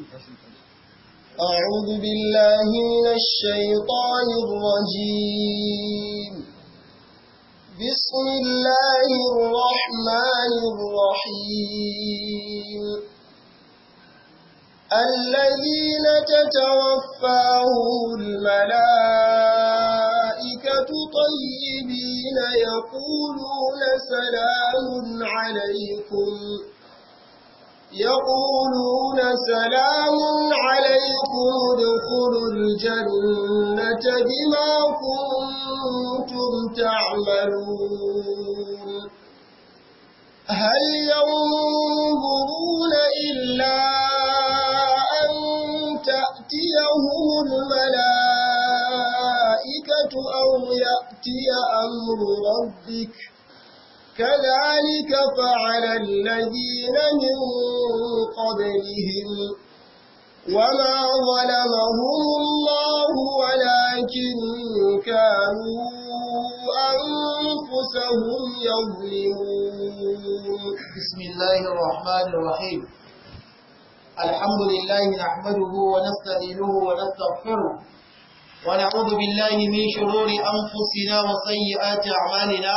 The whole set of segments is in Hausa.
أعوذ بالله من الشيطان الرجيم بسم الله الرحمن الرحيم الذين تتوفاهم الملائكة طيبين يقولون سلام عليكم يقولون سلام عليكم ادخلوا الجنة بما كنتم تعملون هل ينظرون إلا أن تأتيهم الملائكة أو يأتي أمر ربك ؟ كذلك فعل الذين من قبلهم وما ظلمهم الله ولكن كانوا أنفسهم يظلمون بسم الله الرحمن الرحيم الحمد لله نحمده ونستعينه ونستغفره ونعوذ بالله من شرور أنفسنا وسيئات أعمالنا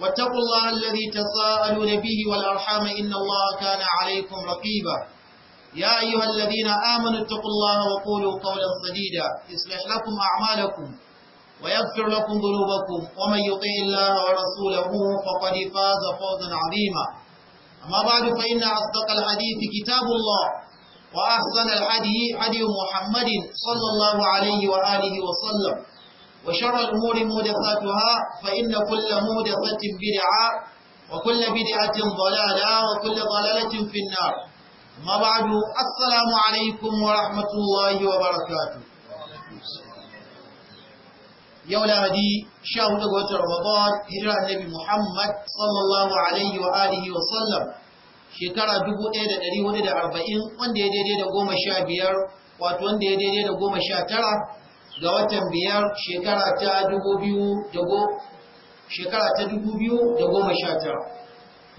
واتقوا الله الذي تساءلون به والأرحام إن الله كان عليكم رقيبا يا أيها الذين آمنوا اتقوا الله وقولوا قولا سديدا يصلح لكم أعمالكم ويغفر لكم ذنوبكم ومن يطع الله ورسوله فقد فاز فوزا عظيما أما بعد فإن أصدق الحديث كتاب الله وأحسن الحديث حديث محمد صلى الله عليه وآله وسلم وشر الأمور مهدفاتها فإن كل مهدفة بدعة وكل بدعة ضلالة وكل ضلالة في النار ما بعد السلام عليكم ورحمة الله وبركاته يولا هدي شهر قوة رمضان هجرة النبي محمد صلى الله عليه وآله وسلم shekara 1440 wanda ya daidai da 15 wato wanda ya daidai da 19 ga watan biyar shekara ta dubu biyu da shekara ta dubu biyu da goma sha tara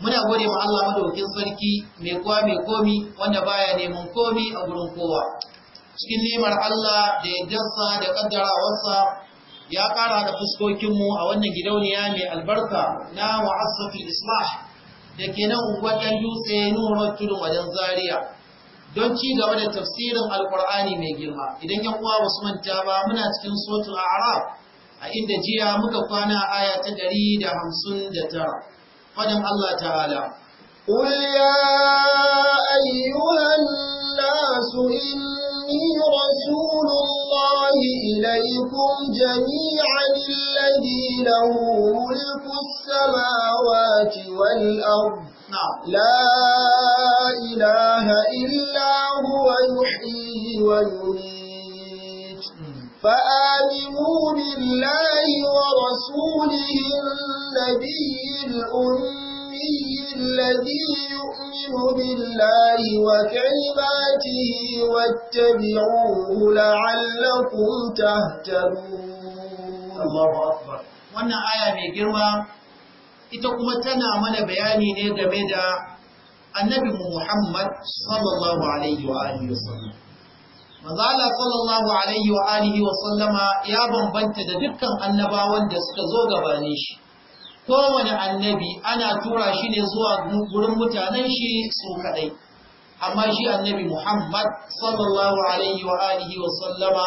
muna gode ma Allah madaukin sarki mai kowa mai komi wanda baya neman komi a gurin kowa cikin nemar Allah da ya yaddarsa da kaddarawarsa ya kara da fuskokin mu a wannan gidauniya mai albarka na mu'assatul islah da kenan nan dutse nuhurar tudun wajen zaria don ci gaba da tafsirin alkur'ani mai girma idan yan uwa wasu manta ba muna cikin a Arab? a inda jiya muka kwana a aya ta 159 fadin Allah ta'ala qul ya ayyuhan nas inni rasulullah الله إليكم جميعا الذي له ملك السماوات والأرض نعم. لا إله إلا هو يحيي ويميت فآمنوا بالله ورسوله النبي الأمي النبي الذي يؤمن بالله وكلماته واتبعوه لعلكم تهتدون الله أكبر wannan aya mai girma ita kuma tana mana bayani ne game da annabi Muhammad sallallahu alaihi wa alihi wa sallama. ya bambanta da dukkan annabawan da suka zo gabanin shi kowane annabi ana tura shi ne zuwa gurin mutanen shi su kadai amma shi annabi Muhammad sallallahu alaihi wa alihi wa sallama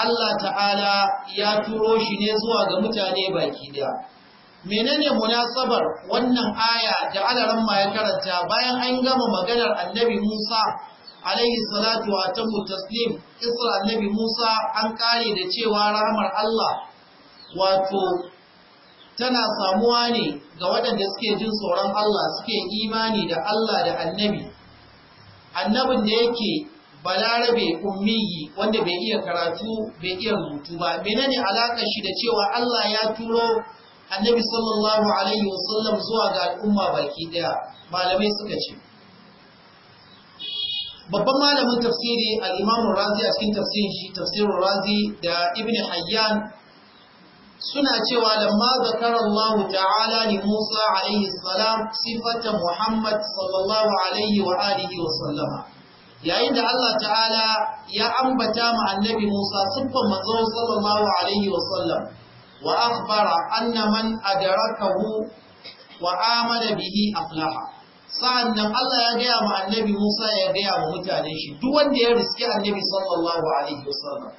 Allah ta'ala ya turo shi ne zuwa ga mutane baki daya menene munasabar wannan aya da alaran ma ya karanta bayan an gama maganar annabi Musa alaihi salatu wa tamu taslim kisar annabi Musa an kare da cewa rahmar Allah wato tana samuwa ne ga waɗanda suke jin tsoron Allah suke imani da Allah da annabi annabin da yake balarabe ummiyi wanda bai iya karatu bai iya rubutu ba ne alaƙa shi da cewa Allah ya turo annabi sallallahu alaihi wasallam zuwa ga al'umma baki daya malamai suka ce babban malamin tafsiri al-Imam Razi a cikin tafsirin shi tafsirin Razi da Ibn Hayyan suna cewa lamma zakara Allah ta'ala li Musa alaihi salam sifatan Muhammad sallallahu alaihi wa alihi wa sallama yayin da Allah ta'ala ya ambata ma annabi Musa sifan manzo sallallahu alaihi wa sallam wa akhbara anna man adrakahu wa amana bihi aflaha sa'annan Allah ya gaya ma annabi Musa ya gaya ma mutanen shi duk wanda ya riske annabi sallallahu alaihi wa sallam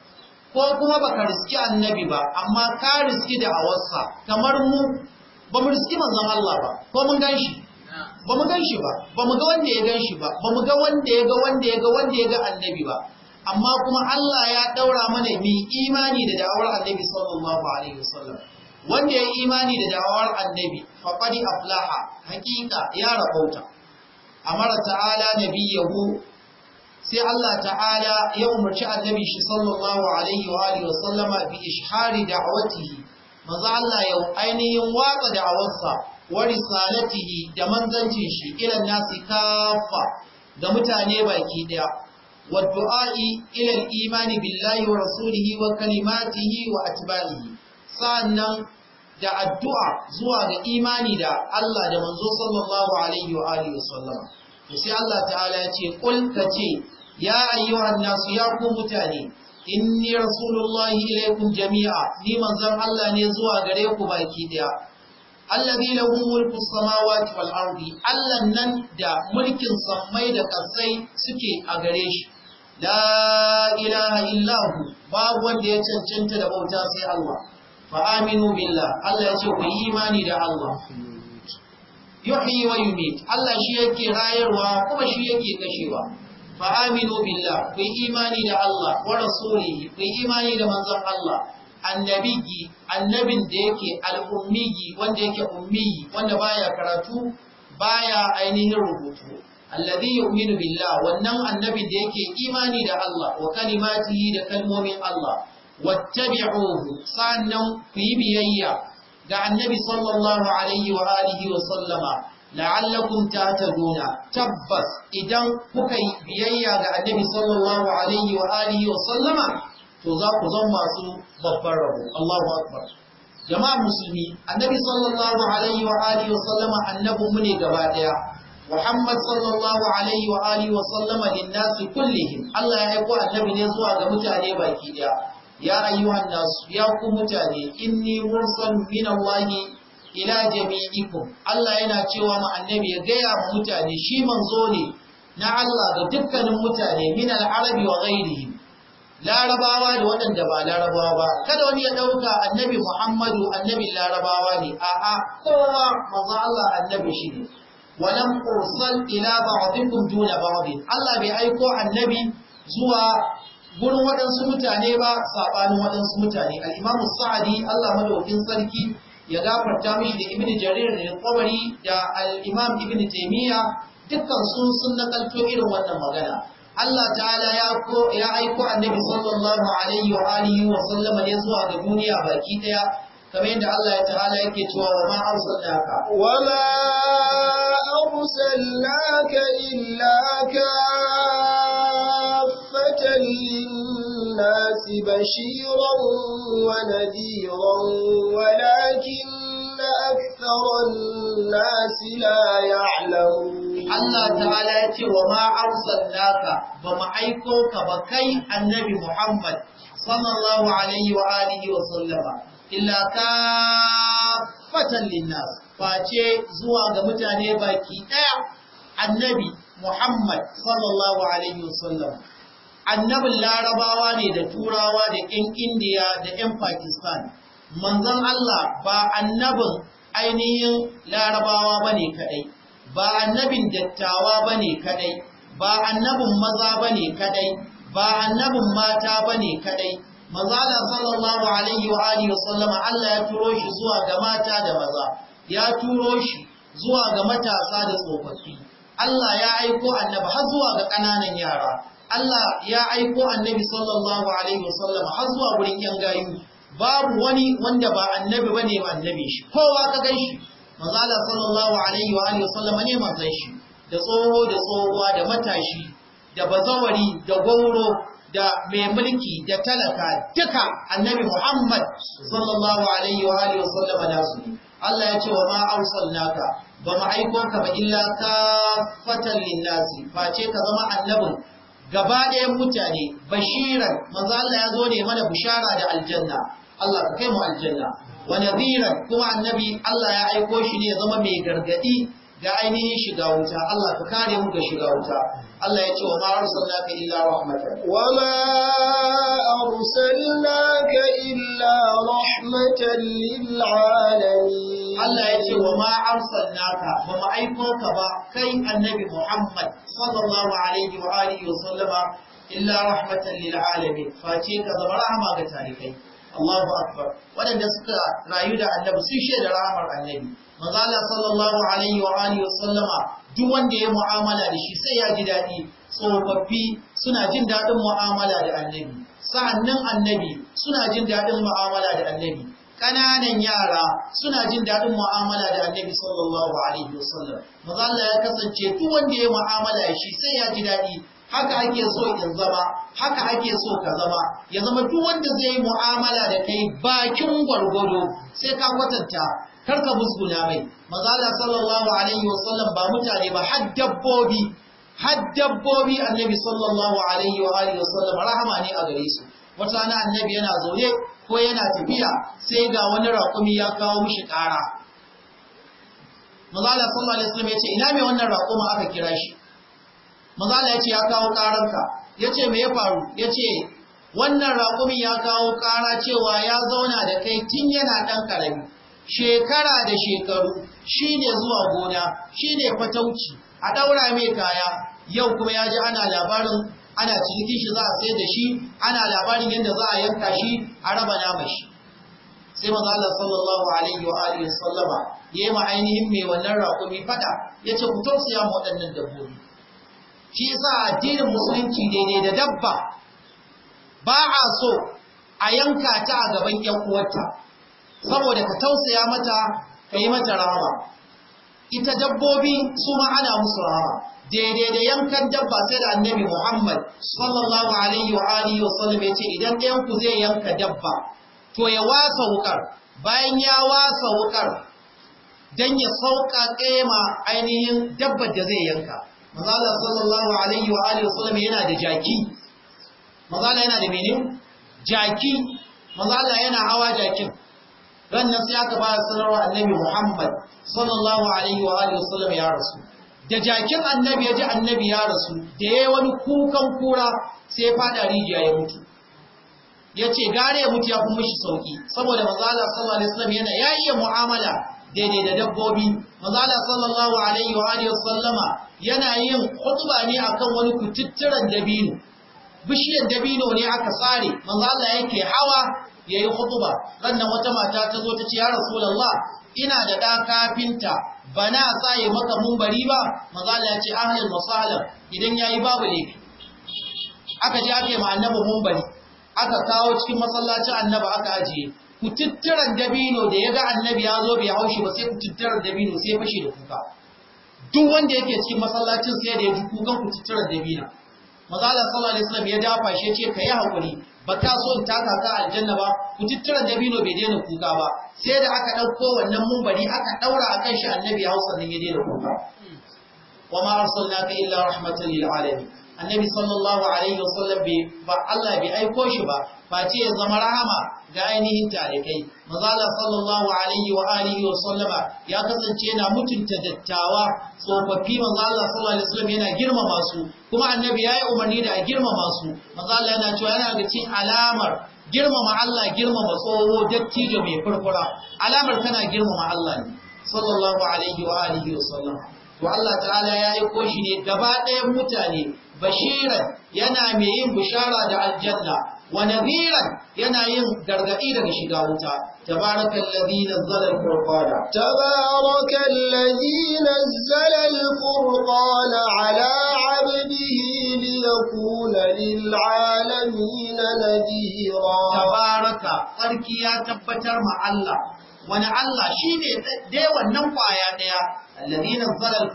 ko kuma ba ka riski annabi ba amma ka riski da awarsa kamar mu ba mu riski manzon Allah ba ko mun ganshi ba mu ganshi ba ba mu ga wanda ya ganshi ba ba mu ga wanda ya ga wanda ya ga wanda ya ga annabi ba amma kuma Allah ya daura mana mi imani da da'awar annabi sallallahu alaihi wasallam wanda ya imani da da'awar annabi faqad aflaha haqiqa ya rabauta amara ta'ala nabiyahu sai Allah ta'ala ya umarci annabi shi sallallahu alaihi wa alihi wa sallama bi ishari da'awatihi Maza Allah ya ainihin watsa da da'awarsa wa risalatihi da manzancin shi ila nasi kafa da mutane baki daya wa du'a'i ila imani billahi wa rasulihi wa kalimatihi wa atba'ihi sannan da addu'a zuwa ga imani da Allah da manzo sallallahu alaihi wa alihi wa sallama sai Allah ta'ala ya ce kul ce. ya ayyuhan nasu ya ku mutane inni rasulullahi ilaikum jami'a ni manzon Allah ne zuwa gare ku baki daya allazi lahu mulku samawati wal ardi Allah nan da mulkin samai da kasai suke a gare shi la ilaha illa hu babu wanda ya cancanta da bauta sai Allah fa aminu billah Allah ya ce ku imani da Allah yuhyi wa yumiit Allah shi yake rayarwa kuma shi yake kashewa فآمنوا بالله في إيمان الله ورسوله في إيمان منزل الله النبي النبي ديك الأمي وان ديك أمي وان بايا كراتو بايا أينه ربوتو الذي يؤمن بالله وانم النبي ديك إيمان الله وكلماته لكلمه من الله واتبعوه سانم في بيئة دع النبي صلى الله عليه وآله وسلم la'allakum tahtaduna tabbas idan kuka yi biyayya ga annabi sallallahu alaihi wa alihi wa sallama to za ku zama masu babbar rabo Allahu akbar jama'a musulmi annabi sallallahu alaihi wa alihi wa sallama annabun mu ne gaba daya Muhammad sallallahu alaihi wa alihi wa sallama linnasi kullihim Allah ya aiko annabi ne zuwa ga mutane baki daya ya ayyuhan nasu ya ku mutane inni mursalun minallahi ila jami'ikum Allah yana cewa mu annabi ya gaya mu mutane shi manzo ne na Allah ga dukkanin mutane min al-arabi wa ghairihim larabawa da waɗanda ba larabawa ba kada wani ya ɗauka annabi Muhammadu annabi larabawa ne a'a kowa manzo Allah annabi shi ne walam ursal ila ba'dikum duna ba'din Allah bai aiko annabi zuwa gurin waɗansu mutane ba sabanin waɗansu mutane al-Imam Sa'di Allah madaukin sarki ya gafarta mishi da ibn jarir da tabari da al-imam ibn taymiya dukkan su sun nakalto irin wannan magana Allah ta'ala ya ko ya aiko annabi sallallahu alaihi wa alihi wa sallam ne zuwa ga duniya baki daya kamar yadda Allah ya ta'ala yake cewa wa ma arsalnaka wa ma arsalnaka illa ka بشيرا ونذيرا ولكن أكثر الناس لا يعلمون الله تعالى يتي وما أرسلناك بما أيكوك بكي النبي محمد صلى الله عليه وآله وسلم إلا كافة للناس face zuwa ga mutane baki ɗaya annabi Muhammad sallallahu alaihi wasallam annabin larabawa ne da turawa da 'yan indiya da 'yan pakistan manzon Allah ba annabin ainihin larabawa ba ne kadai ba annabin dattawa ba ne kadai ba annabin maza ba ne kadai ba annabin mata ba ne kadai manzala sallallahu alaihi wa alihi Sallama. Allah ya turo shi zuwa ga mata da maza ya turo shi zuwa ga matasa da tsofaffi Allah ya aiko annabi har zuwa ga ƙananan yara Allah ya aiko annabi sallallahu alaihi wasallam har zuwa wurin yan gayu babu wani wanda ba annabi bane ba annabi shi kowa ka ganshi. shi manzo Allah sallallahu alaihi wa alihi wasallam ne ma ganshi, da tsoho da tsohuwa da matashi da bazawari da gauro da mai mulki da talaka duka annabi Muhammad sallallahu alaihi wa alihi wasallam da su Allah ya ce wa ma arsalnaka ba mu aiko ka ba illa kafatan linnasi face ka zama annabin gaba ɗaya mutane bashiran manzo Allah ya zo ne mana bishara da aljanna Allah ka kai mu aljanna wa nadhiran kuma annabi Allah ya aiko shi ne ya zama mai gargadi ga ainihin shiga wuta Allah ka kare mu ga shiga wuta Allah ya ce wa ma arsalnaka illa rahmatan wa ma arsalnaka illa rahmatan lil alamin Allah ya ce wa ma arsalnaka ba mu aiko ka ba kai annabi Muhammad sallallahu alaihi wa alihi wa sallama illa rahmatan lil alamin face ka zama rahama ga tarikai Allahu akbar wadanda suka rayu da annabi sun shaida rahamar annabi manzo Allah sallallahu alaihi wa alihi wa sallama duk wanda ya mu'amala da shi sai ya ji dadi tsofaffi suna jin dadin mu'amala da annabi sa'annan annabi suna jin dadin mu'amala da annabi ƙananan yara suna jin daɗin mu'amala da annabi sallallahu alaihi wasallam maza Allah ya kasance duk wanda ya mu'amala shi sai ya ji daɗi haka ake so in zama haka ake so ka zama ya zama duk wanda zai yi mu'amala da kai bakin gwargwado sai ka kwatanta kar ka musguna mai maza Allah sallallahu alaihi wasallam ba mutane ba har dabbobi har dabbobi annabi sallallahu alaihi wa alihi wasallam rahama ne a gare su wata rana annabi yana zaune ko yana tafiya sai ga wani raƙumi ya kawo mishi ƙara mazala sallallahu alaihi wasallam ce, ina mai wannan raƙuma aka kira shi mazala ce ya kawo ƙaranka, ya ce me ya faru ya ce wannan raƙumi ya kawo ƙara cewa ya zauna da kai tun yana ɗan ƙarami shekara da shekaru shi ne zuwa gona shi ne fatauci a ɗaura mai kaya yau kuma ya ji ana labarin ana ciniki shi za a sayar da shi ana labarin yadda za a yanka shi a raba nama shi sai manzo Allah sallallahu alaihi wa alihi sallama yayi ma ainihin mai wannan raƙumi fada yace ku tausaya mu waɗannan dabbobi shi yasa addinin musulunci daidai da dabba ba a so a yanka ta a gaban 'yan uwarta saboda ka tausaya mata ka yi mata rama. ita dabbobi su ma ana musu rahama daidai da yankan dabba sai da annabi Muhammad sallallahu alaihi wa alihi wa sallam yace idan ɗayan ku zai yanka dabba to ya wasa wukar bayan ya wasa wukar dan ya sauƙaƙe ma ainihin dabba da zai yanka manzo sallallahu alaihi wa alihi wa sallam yana da jaki manzo yana da menene jaki manzo yana hawa jakin ran nan sai aka fara sanarwa annabi Muhammad sallallahu alaihi wa alihi wasallam ya rasu da jakin annabi ya ji annabi ya rasu da yayi wani kukan kura sai ya fada rijiya ya mutu Ya ce, gare ya mutu ya kuma mishi sauki saboda manzo Allah sallallahu alaihi wasallam yana ya iya mu'amala daidai da dabbobi manzo Allah sallallahu alaihi wa alihi wasallama yana yin khutba ne akan wani kututturan dabino bishiyar dabino ne aka tsare manzo Allah yake hawa yayi khutba rannan wata mata ta zo ta ce ya rasulullah ina da da kafinta bana sai tsaye maka mumbari ba mazala ya ce ahalin masala idan ya yi babu ne aka ji aka yi ma annaba mumbari aka kawo cikin masallacin annaba aka ajiye ku tutturar dabino da ya ga annabi ya zo bai haushi ba sai ku tutturar dabino sai fashe da kuka duk wanda yake cikin masallacin sai da ya ji kukan ku dabina. dabino mazala sallallahu alaihi wasallam ya dafa shi ya ce ka yi ba ta so ta kasa aljanna ba ku tattara dabino bai daina kuka ba sai da aka ɗauko wannan mumbari aka ɗaura a kan shi annabi hausa ne ya daina kuka wa ma arsalnaka illa rahmatan lil alamin annabi sallallahu alaihi wasallam bai ba Allah bai aiko shi ba face ya zama rahama ga ainihin tarikai mazala sallallahu alaihi wa alihi wa sallama ya kasance yana mutunta dattawa tsofaffi mazala sallallahu alaihi wasallam yana girmama su kuma annabi yayi umarni da a girmama su mazala yana cewa yana da cin alamar girmama Allah girmama tsoho dattijo mai furfura alamar kana girmama Allah ne sallallahu alaihi wa alihi wa sallama to Allah ta'ala ya yi shi ne gaba ɗayan mutane bashiran yana mai yin bishara da aljanna wa nadhiran yana yin gargadi shiga wuta tabarakallazi nazzala al-furqana tabarakallazi nazzala al-furqana ala 'abdihi liyakuna lil'alamin nadhira tabaraka sarki ya tabbatar ma Allah wani Allah shine dai wannan kwaya daya allazi nazzala al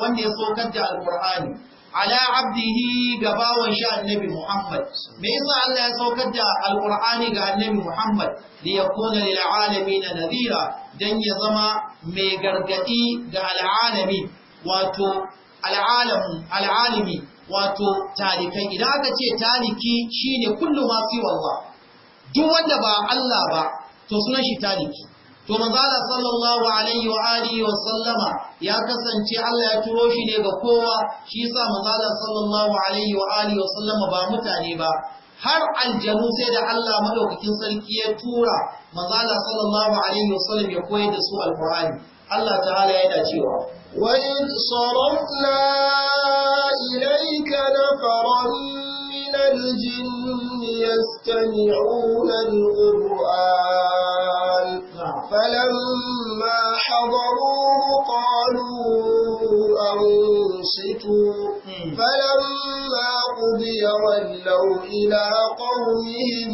wanda ya sokar da al ala abdihi ga bawan shi annabi Muhammad me yasa Allah ya saukar da alqur'ani ga annabi Muhammad li yakuna lil alamin nadhira dan ya zama mai gargadi ga alalamin wato alalamu alalimi wato tarikai idan aka ce taliki shine kullu ma fi wallah duk wanda ba Allah ba to sunan shi taliki to manzala sallallahu alaihi wa alihi wa sallama ya kasance Allah ya turo shi ne ga kowa shi yasa manzala sallallahu alaihi wa alihi wa sallama ba mutane ba har aljanu sai da Allah madaukakin sarki ya tura manzala sallallahu alaihi wa sallam ya koyar da su alqur'ani Allah ta'ala yana cewa wa in sarafna ilayka nafaran min aljinn yastami'una alqur'an فلما حضروه قالوا أنصتوا فلما قضي ولوا إلى قومهم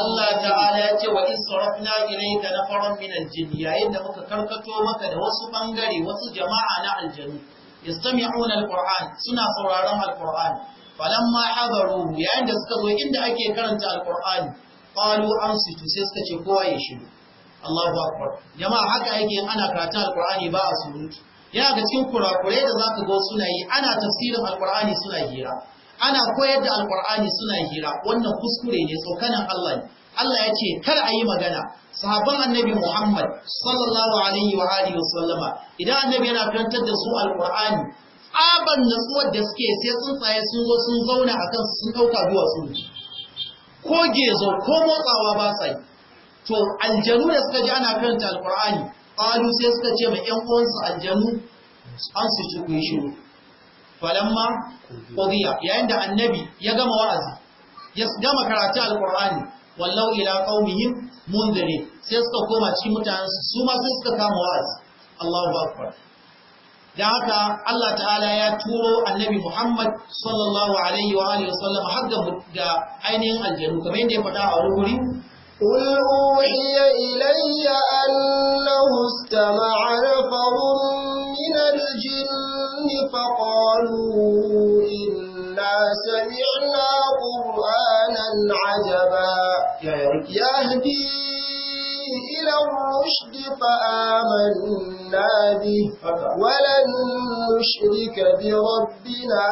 Allah ta'ala ya ce wa israfna ilayka nafaran min al-jinn yayin da muka karkato maka da wasu bangare wasu jama'a na aljannu yastami'una al-qur'an suna sauraron al-qur'an falamma hadaru yayin da suka zo inda ake karanta al-qur'ani qalu ansitu sai suka ce kowa ya shiru Allahu akbar jama'a haka yake ana karatun alqur'ani ba a surutu yana ga cikin kurakurai da zaka ga suna yi ana tafsirin alqur'ani suna hira ana koyar da alqur'ani suna hira wannan kuskure ne tsokanan Allah ne Allah ya ce kar a yi magana sahabban annabi Muhammad sallallahu alaihi wa alihi wa sallama idan annabi yana karantar da su alqur'ani tsaban natsuwar da suke sai tsuntsaye sun zo sun zauna akan kansu, sun dauka duwatsu ko gezo ko motsawa ba sai to aljanu da suka ji ana karanta alqur'ani qalu sai suka ce ma 'yan uwansu aljanu an su ci kun shiru falamma qudiya yayin da annabi ya gama wa'azi ya gama karatu alqur'ani wallau ila qaumihim mundari sai suka koma cikin mutanen su ma sai suka kama wa'azi Allahu akbar da haka Allah ta'ala ya turo annabi Muhammad sallallahu alaihi wa alihi wasallam har ga ainihin aljanu kamar yadda ya faɗa a wani guri قل أوحي إلي أنه استمع نفر من الجن فقالوا إنا سمعنا قرآنا عجبا يهدي إلى الرشد فآمنا به ولن نشرك بربنا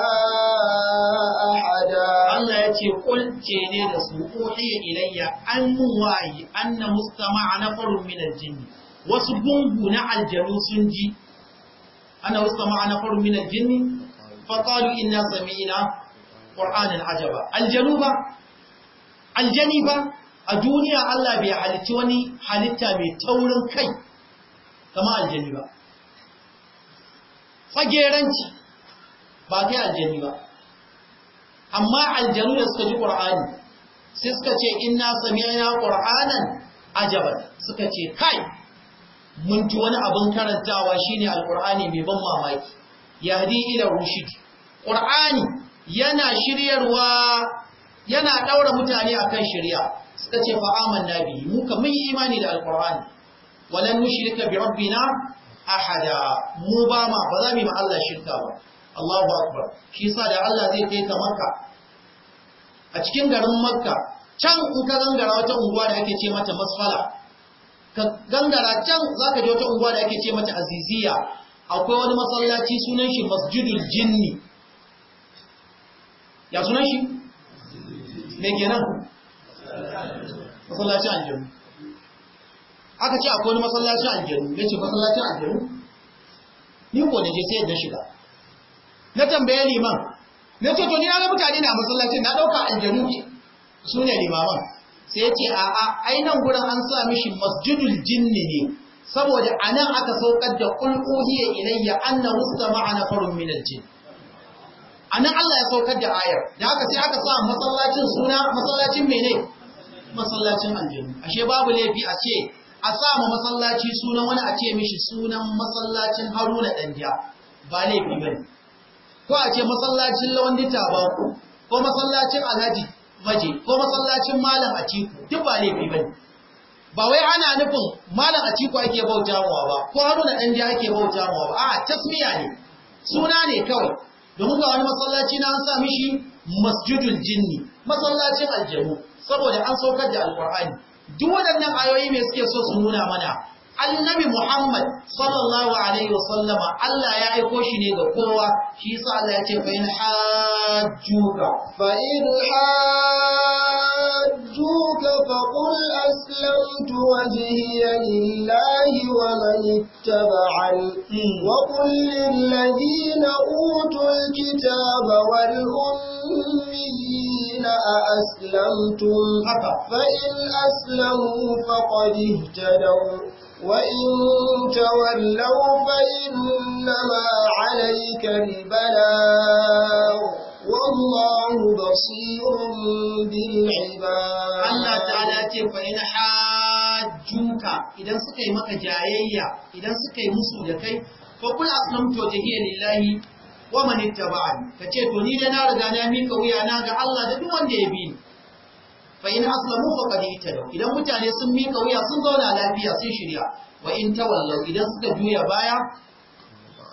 أحدا الله يتي قل تيني رسوحي إلي أن وعي أن مستمع نفر من الجن وسبنه نعى الجنوس جي أنا مستمع نفر من الجن فقالوا إنا سمينا قرآنا عجبا الجنوب الجنبة a duniya Allah bai halitti wani halitta mai taurin kai kama aljani ba fageranci ba kai aljani ba amma aljanu da suka ji ƙur'ani sai suka ce inna sami'na qur'anan ajabar, suka ce kai mun wani abin karantawa shine Alƙur'ani mai ban mamaki yahdi ila rushd ƙur'ani yana shiryarwa yana ɗaura mutane akan shirya suka ce fa Aman na bihi mu kan mun yi imani da alqur'ani walan nushrika bi rabbina ahada mu ba ma ba za mu yi ma Allah shirka ba Allahu akbar shi yasa da Allah zai kai ka Makka a cikin garin Makka can in ka gangara wata unguwa da ake ce mata Masfala ka gangara can zaka je wata unguwa da ake ce mata Aziziya akwai wani masallaci sunan shi Masjidul Jinni ya sunan shi me kenan masallacin aljanu aka ce akwai wani masallacin aljanu ya ce masallacin aljanu ni ko da je sai na shiga na tambaye liman na ce to ni na mutane na masallacin na ɗauka a ce su ne limaman sai ya ce a'a ai nan gurin an sa mishi masjidul jinni ne saboda a nan aka saukar da ya ilayya anna wusta ma'ana farun min aljin a nan Allah ya saukar da ayar da haka sai aka sa masallacin suna masallacin mene masallacin aljanu ashe babu laifi a ce a samu masallaci sunan wani a ce mishi sunan masallacin haruna ɗanja ba laifi ba ne ko a ce masallacin lawandita ba ko masallacin alhaji maje ko masallacin malam a ciku duk ba laifi ba ne ba wai ana nufin malam a ciku ake bauta mawa ba ko haruna ɗanja ake bauta mawa ba a tasmiya ne suna ne kawai domin ga wani masallaci na an sa mishi masjidul jinni masallacin aljihu saboda an saukar da alkur'ani duk waɗannan ayoyi mai suke so su nuna mana annabi muhammad sallallahu alaihi sallama. allah ya aiko shi ne ga kowa shi yasa allah ya ce fa in hajjuka fa in hajjuka fa qul aslamtu wajhiya lillahi wa man ittaba'an wa qul lil ladina utul kitaba wal ummiyin الذين أأسلمتم فإن أسلموا فقد اهتدوا وإن تولوا فإنما عليك البلاغ والله بصير بالعباد الله تعالى فإن حاجوك إذا سكي مك جايا إذا سكي مسودك فقل أسلمت وجهي لله wa man ittaba'ani kace to ni da na riga na mika wuya na ga Allah da duk wanda ya bi ni fa in aslamu faqad ihtadaw idan mutane sun mika wuya sun zauna lafiya sun shirya wa in tawallaw idan suka juya baya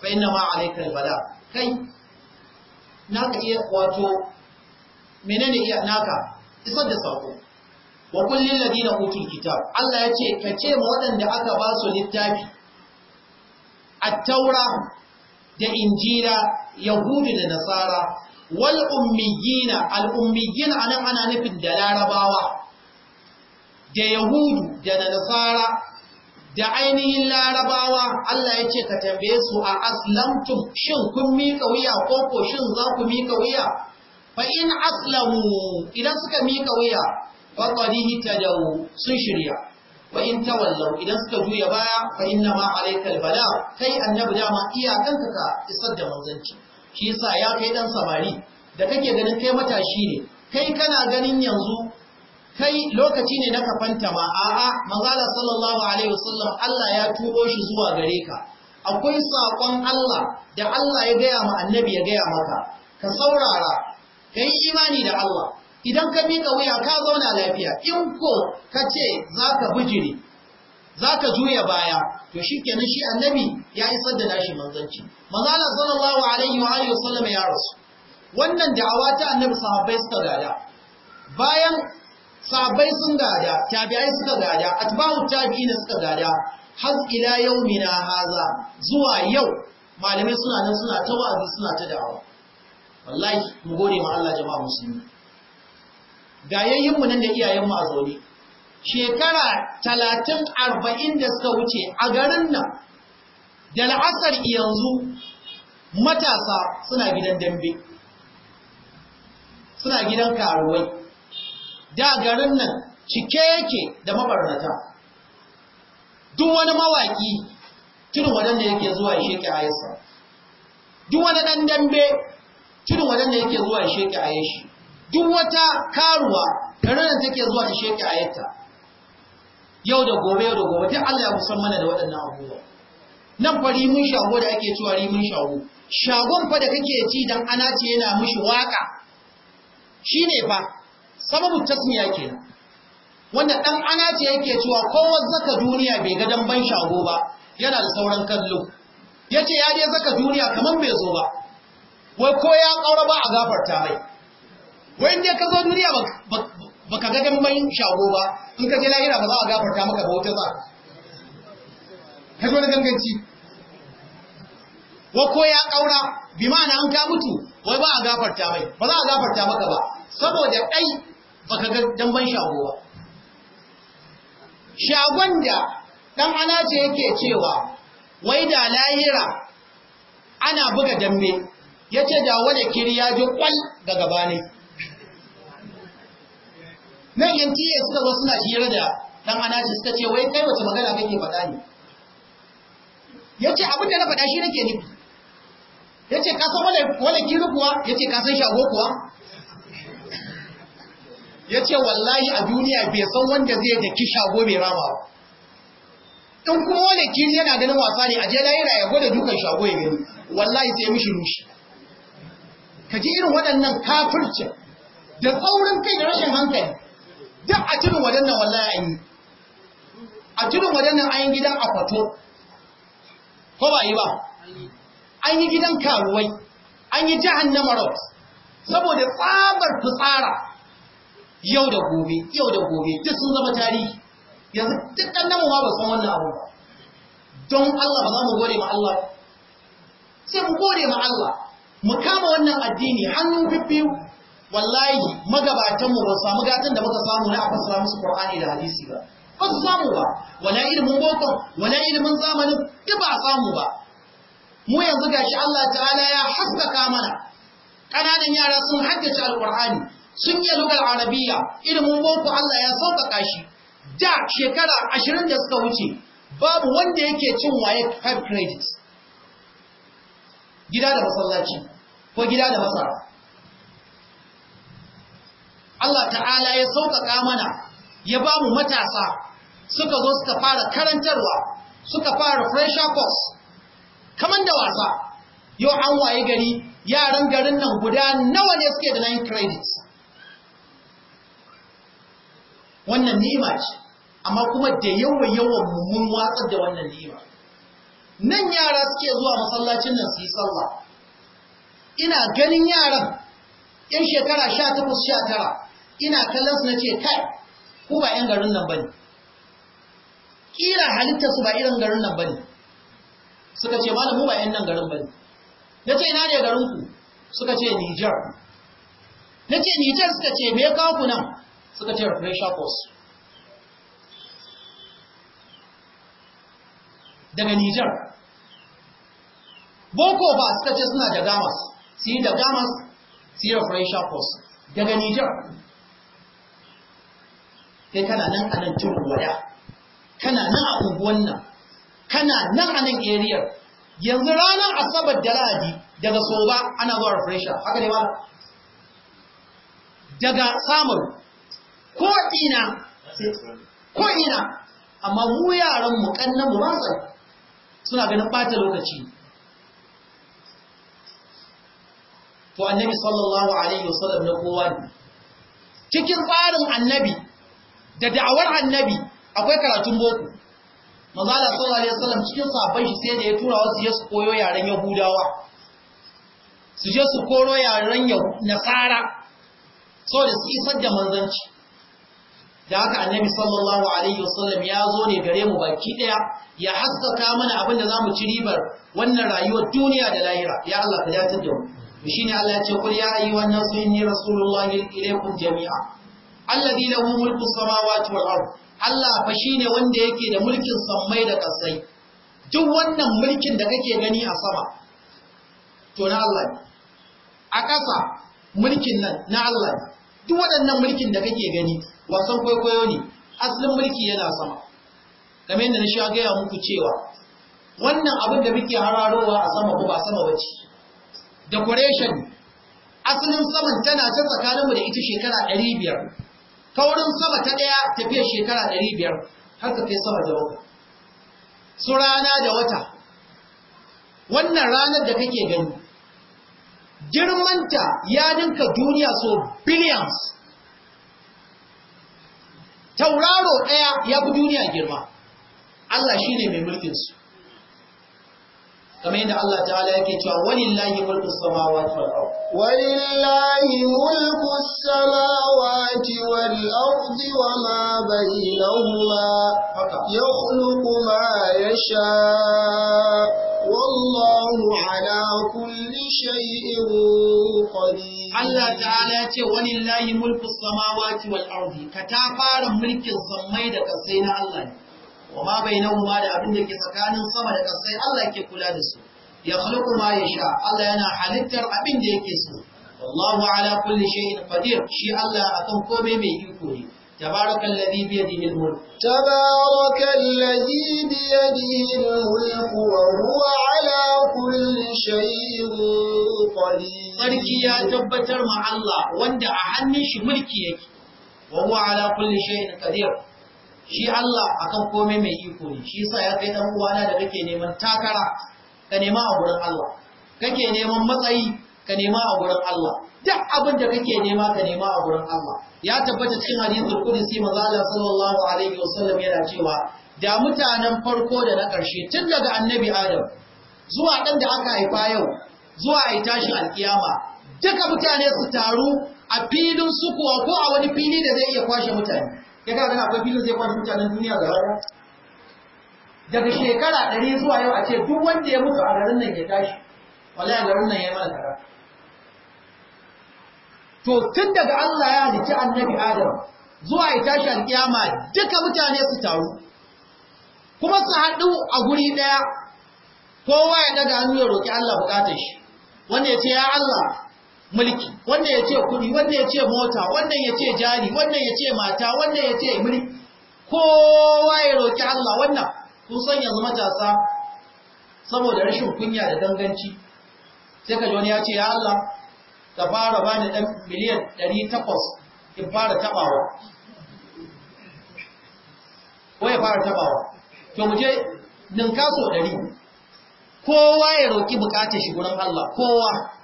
fa inna ma alayka albala kai naka iya wato menene iya naka isar da sako wa na ladina utul kitab Allah yace kace ma waɗanda aka ba su littafi at-taura da injila yahudu da nasara wal ummiyina al anan ana nufin da larabawa da yahudu da nasara da ainihin larabawa Allah ya ce ka tambaye su a aslamtum shin kun miƙa wuya ko ko shin za ku miƙa wuya fa in aslamu idan suka miƙa wuya faqad ihtadaw sun shirya fa in tawallau idan suka juya baya fa inna ma alaikal bala kai annabi dama iyakanka ka isar da manzanci shi yasa ya kai ɗan samari da kake ganin kai matashi ne kai kana ganin yanzu kai lokaci ne na kafanta ma a'a manzala sallallahu alaihi wasallam Allah ya tubo shi zuwa gare ka akwai sakon Allah da Allah ya gaya ma annabi ya gaya maka ka saurara kai imani da Allah idan ka miƙa wuya ka zauna lafiya in ko ka ce za ka bijiri za ka juya baya to shi kenan shi annabi ya isar da nashi manzanci manzala sallallahu alaihi wa alihi wasallam ya rasu wannan da'awa ta annabi sahabbai suka gada bayan sahabbai sun gada tabi'ai suka gada atba'u tabi'ina suka gada har ila yaumina haza zuwa yau malamai suna nan suna ta wa'azi suna ta da'awa wallahi mu gode ma Allah jama'a musulmi ga yayyinmu nan da iyayenmu a zaune shekara talatin arba'in da suka wuce a garin nan da la'asar yanzu matasa suna gidan dambe suna gidan karuwai da garin nan cike yake da mabarnata duk wani mawaƙi tunin waɗanda yake zuwa ya sheke a duk wani ɗan dambe tunin waɗanda yake zuwa ya sheke a duk wata karuwa ranar da take zuwa ta sheke ayyata yau da gobe yau da gobe duk Allah ya kusan mana da waɗannan abubuwa nan fa rimin shago da ake cewa rimin shago shagon fa da kake ci dan ana ce yana mishi waka shine fa sababu tasmiya kenan wanda dan ana ce yake cewa kowa zaka duniya bai ga dan ban shago ba yana da sauran kallo yace ya je zaka duniya kaman bai zo ba wai ko ya kaura ba a gafarta mai wai ya ka duniya ba ka gagan mai shago ba in ka je lahira ba za a gafarta maka ba wata za ka zo na ganganci wa ko ya kaura bi ma'ana an ka mutu wai ba a gafarta mai ba za a gafarta maka ba saboda kai ka ga damban shago ba shagon da dan alace yake cewa wai da lahira ana buga dambe ya ce da wani kiri ya ji kwal daga bane nan MTA suka zo suna hira da dan anaji suka ce wai kai wace magana kake faɗa ne yace abin da na faɗa shi nake nufi yace ka san wala wala kiru kuwa yace ka san shago kuwa yace wallahi a duniya bai san wanda zai da ki shago bai rama ba in kuma wala kiri yana ganin wasa ne aje lahira ya gwada dukan shago ya gani wallahi sai mishi rushi ka ji irin waɗannan kafirce. da saurin kai da rashin hankali duk a tudun wadannan wallahi an yi a tudun wadannan an yi gidan akwato ko ba yi ba an yi gidan karuwai an yi jahannama road saboda tsabar fitsara yau da gobe yau da gobe duk sun zama tarihi yanzu duk dan namu ba san wannan abu don Allah ba za mu gode ma Allah sai mu gode ma Allah mu kama wannan addini hannu biyu-biyu. wallahi magabatan mu ba samu gatan da muka samu na a fassara musu Qur'ani da hadisi ba ba su samu ba wala ilimin boko wala ilimin zamanin duk ba samu ba mu yanzu gashi Allah ta'ala ya haskaka mana kananan yara sun haddace alqur'ani sun yi lugar arabiya ilimin boko Allah ya sauƙaƙa shi da shekara 20 da suka wuce babu wanda yake cin waye 5 credits gida da masallaci ko gida da masara Allah ta'ala ya sauƙaƙa mana ya ba mu matasa suka zo suka fara karantarwa suka fara fresh course kaman da wasa yau an waye gari yaran garin nan guda nawa ne suke da nine credits wannan ni'ima ce amma kuma da yawan yawan mun watsar da wannan ni'ima nan yara suke zuwa masallacin nan su yi sallah ina ganin yaran yan shekara 18 19 ina kallon su na ce kai ku ba 'yan garin nan ba ne kila su ba irin garin nan ba ne suka ce malamu ba 'yan nan garin ba ne na ce ina ne garin ku suka ce nijar na ce nijar suka ce me kawo ku nan suka ce refresher course daga nijar boko ba suka ce suna da gamas su yi da gamas su yi refresher course daga nijar Sai kana nan a nan cin wada kana nan a unguwan nan kana nan a nan area yanzu ranar asabar da lahadi daga soba ana zuwa refresher haka ne ba daga samun ko ina ko ina amma mu yaran mu kannan mu ba suna ganin bata lokaci to annabi sallallahu alaihi wasallam na kowa cikin tsarin annabi da da'awar annabi akwai karatun boko manzala sallallahu alaihi wasallam cikin sahabban shi sai da ya tura wasu yasu su koyo yaren yahudawa su je su koro yaren nasara da su isar da manzanci da haka annabi sallallahu alaihi wasallam ya zo ne gare mu baki daya ya haskaka mana abin da mu ci ribar wannan rayuwar duniya da lahira ya Allah ka dace da mu shine Allah ya ce kul ya ayyuhan nasu inni rasulullahi ilaykum jami'a allazi lahu mulku samawati wal ard Allah fa shine wanda yake da mulkin sammai da kasai duk wannan mulkin da kake gani a sama to na Allah ne a ƙasa mulkin nan na Allah ne duk waɗannan mulkin da kake gani wasan kwaikwayo ne asalin mulki yana sama kamar yadda na sha gaya muku cewa wannan abin da muke hararowa a sama ko ba sama bace decoration asalin saman tana ta tsakaninmu da ita shekara 500 kaurin sama ta ɗaya tafiya shekara ɗari biyar har ka kai sama da wata su rana da wata wannan ranar da kake gani girmanta ya dinka duniya so billions tauraro ɗaya ya fi duniya girma Allah shi ne mai mulkinsu kamar yadda Allah ta'ala yake cewa walillahi mulku samawati wal ard walillahi mulku samawati wal ard wa ma bainahuma yakhluqu ma yasha wallahu ala kulli shay'in qadir Allah ta'ala ya ce walillahi mulku samawati wal ard ka ta fara mulkin sammai da kasai na Allah ne wa ma bainahuma da abin da ke tsakanin sama da ƙasa Allah ke kula da su ya khluqu ma yasha Allah yana halittar abin da yake so wallahu ala kulli shay'in qadir shi Allah akan komai mai iko ne تبارك الذي بيده الملك تبارك الذي بيده الملك وهو على كل شيء قدير sarki ya tabbatar ma Allah wanda a hannun shi mulki yake wa huwa ala kulli shay'in qadir shi Allah akan komai mai iko ne shi sa ya kai ɗan uwana da kake neman takara ka nema a gurin Allah kake neman matsayi ka nema a gurin Allah duk abin da kake nema ka nema a gurin Allah ya tabbata cikin hadisul qudsi manzo Allah sallallahu alaihi wasallam yana cewa da mutanen farko da na ƙarshe tun daga annabi Adam zuwa ɗan da aka haifa yau zuwa ai tashi alkiyama duka mutane su taru a filin sukuwa ko a wani fili da zai iya kwashe mutane ya ga gana akwai filin zai kwashe mutanen duniya ga rana daga shekara ɗari zuwa yau a ce duk wanda ya mutu a garin nan ya tashi wallahi garin nan ya mana tara to tun daga Allah ya halicci annabi Adam zuwa ya tashi alƙiyama duka mutane su taru kuma su haɗu a guri ɗaya kowa ya daga hannu ya roƙi Allah buƙatar shi wanda ya ce ya Allah mulki wannan ya ce kudi wannan ya ce mota wannan ya ce jari wannan ya ce mata wannan ya ce mulki kowa ya roƙi Allah wannan kun san yanzu matasa saboda rashin kunya da danganci sai ka wani ya ce ya Allah ka fara bani dan miliyan 800 in fara tabawa ko ya fara tabawa to mu je ninkaso 100 kowa ya roƙi bukatar shi gurin Allah kowa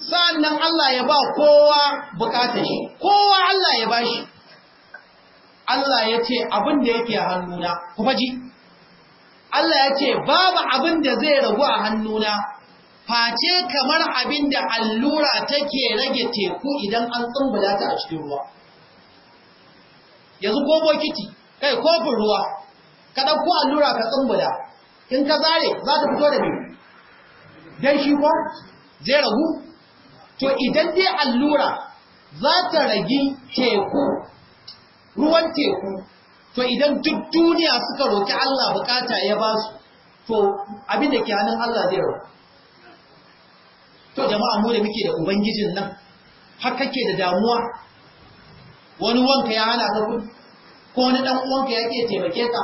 sa'an Allah ya ba kowa bukata shi, kowa Allah ya ba Allah ya ce abin da yake a hannuna, kuma ji, Allah ya ce babu abin da zai ragu a hannuna, face kamar abin da allura take rage teku idan an tsumbula ta a cikin ruwa. Yanzu ko bokiti, kai kofin ruwa, ka ɗauko allura ka tsumbula, in ka zare za ta fito da biyu. don shi ko zai ragu to idan dai allura za ta ragi teku ruwan teku to idan duk duniya suka roƙi Allah bukata ya ba su to abin da ke hannun Allah zai roƙi to jama'a mu da muke da ubangijin nan har kake da damuwa wani wanka ya hana ka kudu, ko wani dan uwanka ya ke taimake ka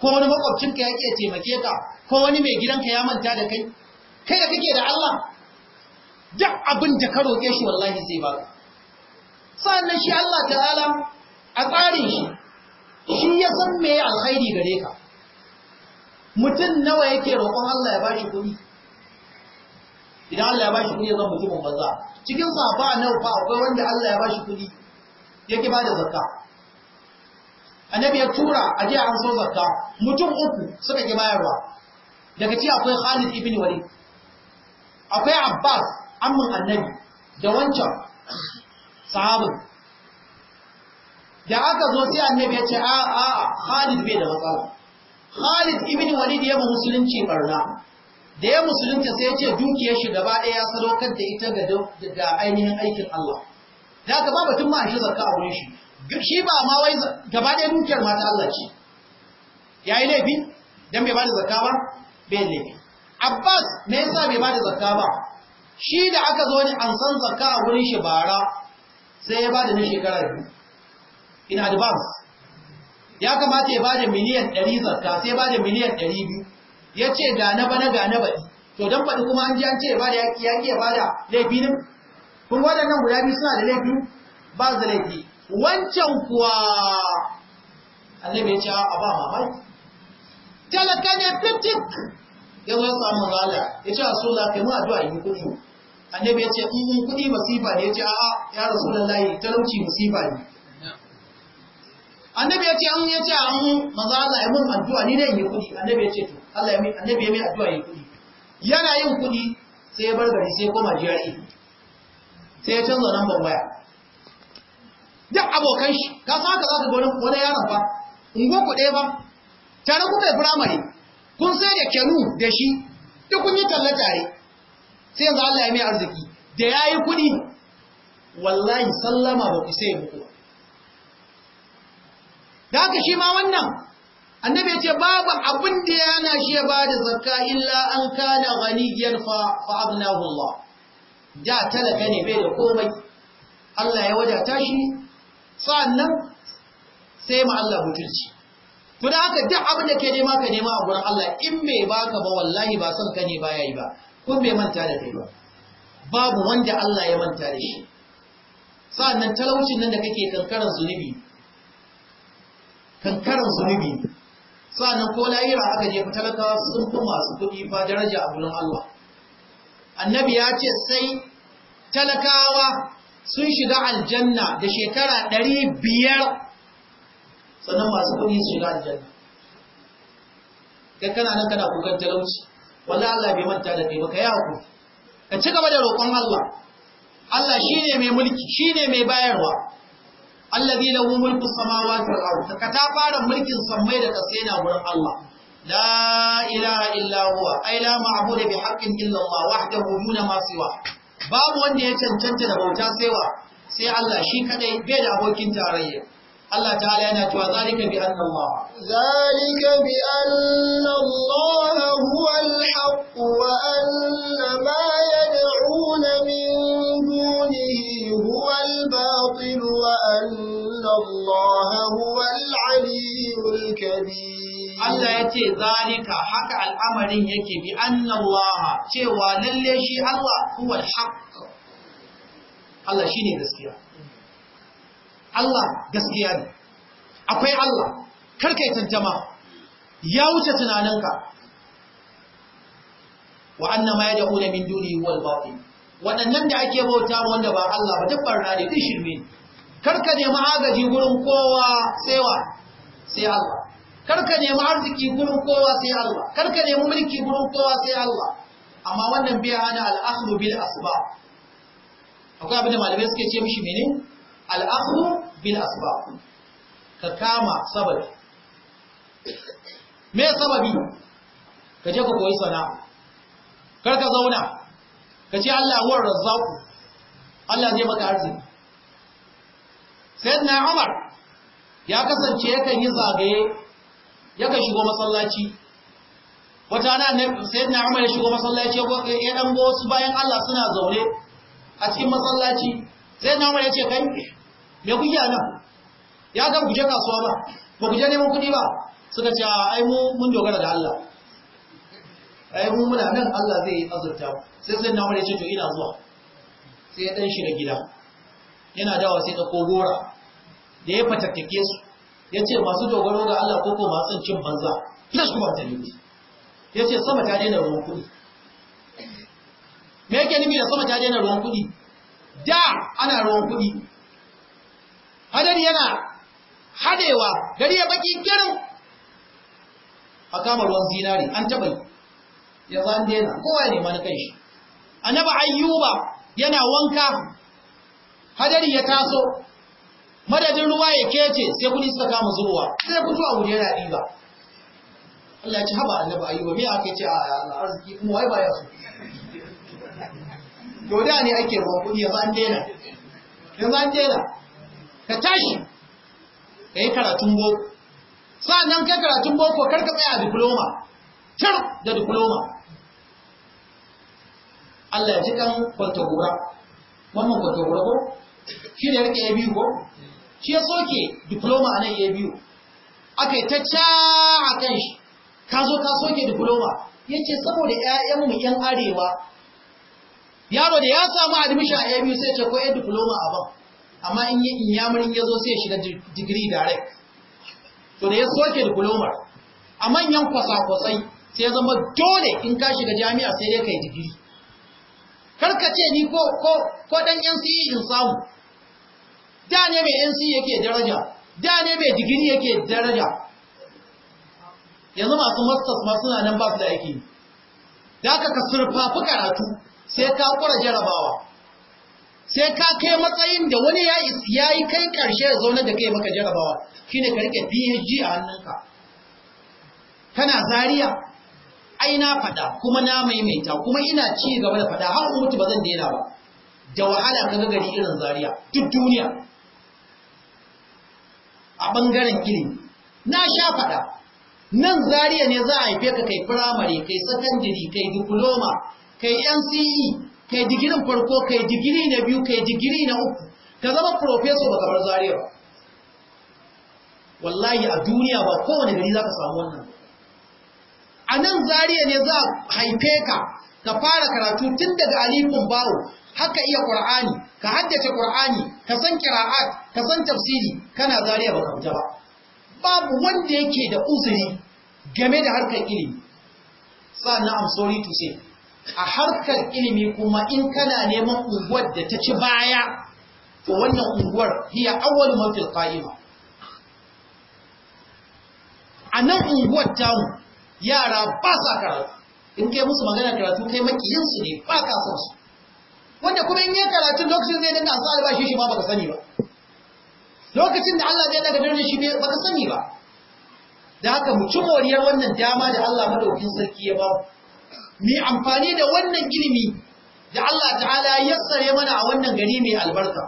ko wani makwabcinka ya ke taimake ka ko wani mai gidanka ya manta da kai kai da kake da Allah duk abin da ka roƙe shi wallahi zai ba sannan shi Allah ta'ala a tsarin shi shi ya san me alkhairi gare ka mutum nawa yake roƙon Allah ya bashi kuɗi idan Allah ya bashi kuɗi ya zama mutumin banza cikin sahaba nawa ba akwai wanda Allah ya bashi kuɗi yake ba da zakka annabi ya tura a jiya an so zakka mutum uku suka ki bayarwa daga ci akwai Khalid ibn Walid akwai Abbas amman annabi da wancan sahabin da aka zo sai annabi ya ce a a Khalid bai da matsala Khalid ibn Walid ya musulunci barna da ya musulunta sai ya ce dukiyar shi gaba ɗaya ya sadaukar da ita ga ainihin aikin Allah da ka ba batun ma shi zakka a wurin shi shi ba ma wai gaba ɗaya dukiyar mata Allah ce ya yi laifi don bai ba da zakka ba bai laifi Abbas me yasa bai ba da zakka ba shi da aka zo ne an san zaka a wurin shi bara sai ya ba da na shekara biyu in advance ya kamata ya ba da miliyan ɗari zaka sai ya ba da miliyan ɗari biyu ya ce ga na bana ga na baɗi to don baɗi kuma an ji an ce ya ba da yaƙi ya ba da laifi ne kun waɗannan guda biyu suna da laifi ba da laifi wancan kuwa annabi ya ce a ba mamaki talaka ne fitik ya ya samu zala ya ce a so za ka yi mu addu'a yi kuɗi annabi ya ce in kudi masifa ne ya ce a'a ya rasulullahi talauci masifa ne annabi ya ce an ya ce an maza Allah ya mun addu'a ni ne yi kudi annabi ya ce to Allah ya mai annabi ya mai addu'a yi kudi yana yin kudi sai ya bar gari sai koma jiyari sai ya canza nan bambaya duk abokan shi ka san haka za ka gwanin wani yaron ba in ku ɗaya ba tare kuka yi firamare kun sai da kenu da shi duk kun yi talla tare sai yanzu Allah ya mai arziki da ya yi kuɗi wallahi sallama ba ku sai muku da haka shi ma wannan annabi ce babu abin da yana shi ya bada zakka illa an kana ghaniyan fa fa abnahu Allah da talaka ne bai da komai Allah ya wadata shi sa'annan sai ma Allah butulci To da haka duk abin da ke nema ka nema a gurin Allah in mai baka ba wallahi ba son ka ne baya yi ba ko bai manta da kai ba babu wanda Allah ya manta da shi sa'annan talaucin nan da kake kankaran zunubi kankaran zunubi sa'annan ko lahira aka je talakawa sun fi masu kuɗi fa daraja a gurin Allah annabi ya ce sai talakawa sun shiga aljanna da shekara ɗari biyar sannan masu kuɗi su shiga aljanna kai kana nan kana kukan talauci wallahi Allah bai manta da kai ba kai ka ci gaba da roƙon Allah Allah shine mai mulki shine mai bayarwa allazi lahu mulku samawati wal ard ka ta fara mulkin sammai da kasai na gurin Allah la ilaha illa huwa ay la ma'budu bi haqqin illa Allah wahdahu duna ma siwa babu wanda ya cancanta da bauta sai wa sai Allah shi kadai bai da abokin tarayya Allah ta'ala yana cewa zalika bi anna Allah zalika bi anna Allah huwa al-haq wa anna ma yad'un min dunihi huwa al-batil wa anna Allah huwa al-aliyyul kabir Allah yace zalika haka al'amarin yake bi anna Allah cewa lalle shi Allah huwa al-haq Allah shine gaskiya Allah gaskiya ne akwai Allah yi tantama ya wuce tunaninka wa annama yad'una min dunihi wal batil wadannan da ake bauta wanda ba Allah ba duk barna ne duk shirme ne karka nemi agaji gurin kowa sai wa sai Allah karka nemi arziki gurin kowa sai Allah karka nemi mulki gurin kowa sai Allah amma wannan biya ana al-akhdhu bil asbab akwai abin da malamai suke ce mishi mene al-akhdhu bil asbab ka kama sababi me sababi ka je ka koyi sana. kar ka zauna ka ce Allah huwa razzaqu Allah zai maka arziki sayyidina Umar ya kasance yakan yi zagaye yakan shigo masallaci wata na sayyidina Umar ya shigo masallaci ya dan go su bayan Allah suna zaune a cikin masallaci sayyidina Umar ya ce kai me kuke a nan ya ga ku kasuwa ba ba ku neman kuɗi ba suka ce ai mu mun dogara da Allah ai mu muna nan Allah zai yi azurta sai sai na wani ce to ina zuwa sai ya dan shiga gida yana dawa sai ɗauko gora da ya fatattake su ya ce masu dogaro ga Allah ko ko masu cin banza flash kuma ta yi ya ce sama ta daina ruwan kuɗi me yake nufi da sama ta daina ruwan kuɗi da ana ruwan kuɗi hadari yana hadewa gari ya baki kirin a kama ruwan zinari an taɓa yi ya zan daina kowa ya nema na kai shi annaba ayyuba yana wanka hadari ya taso madadin ruwa ya kece sai kudi suka kama zuwa. sai fito a wuri yana ɗiba Allah ya ci haba annaba ayyuba me aka ce a arziki kuma wai ba ya so to da ne ake ruwan kudi ya zan dena ya zan dena ka tashi ka yi karatun boko sa'annan kai karatun boko kar ka tsaya a diploma tar da diploma Allah ya ji kan kwantagora wannan gura ko shi da yarka ya biyu ko shi ya soke diploma a nan ya biyu aka yi ta ca a kan shi ka zo ka soke diploma ya ce saboda 'ya'yanmu 'yan arewa yaro da ya samu admission a ya biyu sai ce ko 'yan diploma a ban amma in yi inyamurin ya zo sai shiga digiri direct to da ya soke kulomar, a manyan kwasa-kwasai sai ya zama dole in ka shiga jami'a sai dai kai digiri karka ce ni ko ko dan e in samu da ne mai NCE yake daraja da ne mai digiri yake daraja yanzu masu masters masu suna nan ba su da aiki da aka ka surfafi karatu sai ka kura jarabawa sai ka kai matsayin da wani ya yi kai karshe ya zaune da kai maka jarabawa ne ka rike PhD a hannunka kana zariya ai na faɗa kuma na maimaita kuma ina ci gaba da faɗa har mutu ba zan daina ba da wahala ga gari irin zariya duk duniya a bangaren ilimi na sha faɗa nan zariya ne za a haife ka kai firamare kai sakandiri kai diploma kai NCE kai digirin farko kai digiri na biyu kai digiri na uku ka zama profesor ba kamar zariya ba wallahi a duniya ba kowane gari za ka samu wannan a nan zariya ne za a haife ka ka fara karatu tun daga alifin bawo haka iya ƙur'ani ka haddace ƙur'ani ka san kira'at ka san tafsiri kana zariya ba kamta ba babu wanda yake da uzuri game da harkar ilimi sannan am sorry to a harkar ilimi kuma in kana neman unguwar da ta ci baya to wannan unguwar hiya awwal man fil qa'ima a nan unguwar tamu yara ba sa karatu in kai musu magana karatu kai makiyin su ne ba ka san su wanda kuma in yi karatu lokacin zai dinga sa albashi shi ba baka sani ba lokacin da Allah zai daga dare shi baka sani ba da haka mu ci moriyar wannan dama da Allah madaukin sarki ya ba mu mai amfani da wannan ilimi da Allah ta'ala ya tsare mana a wannan gari mai albarka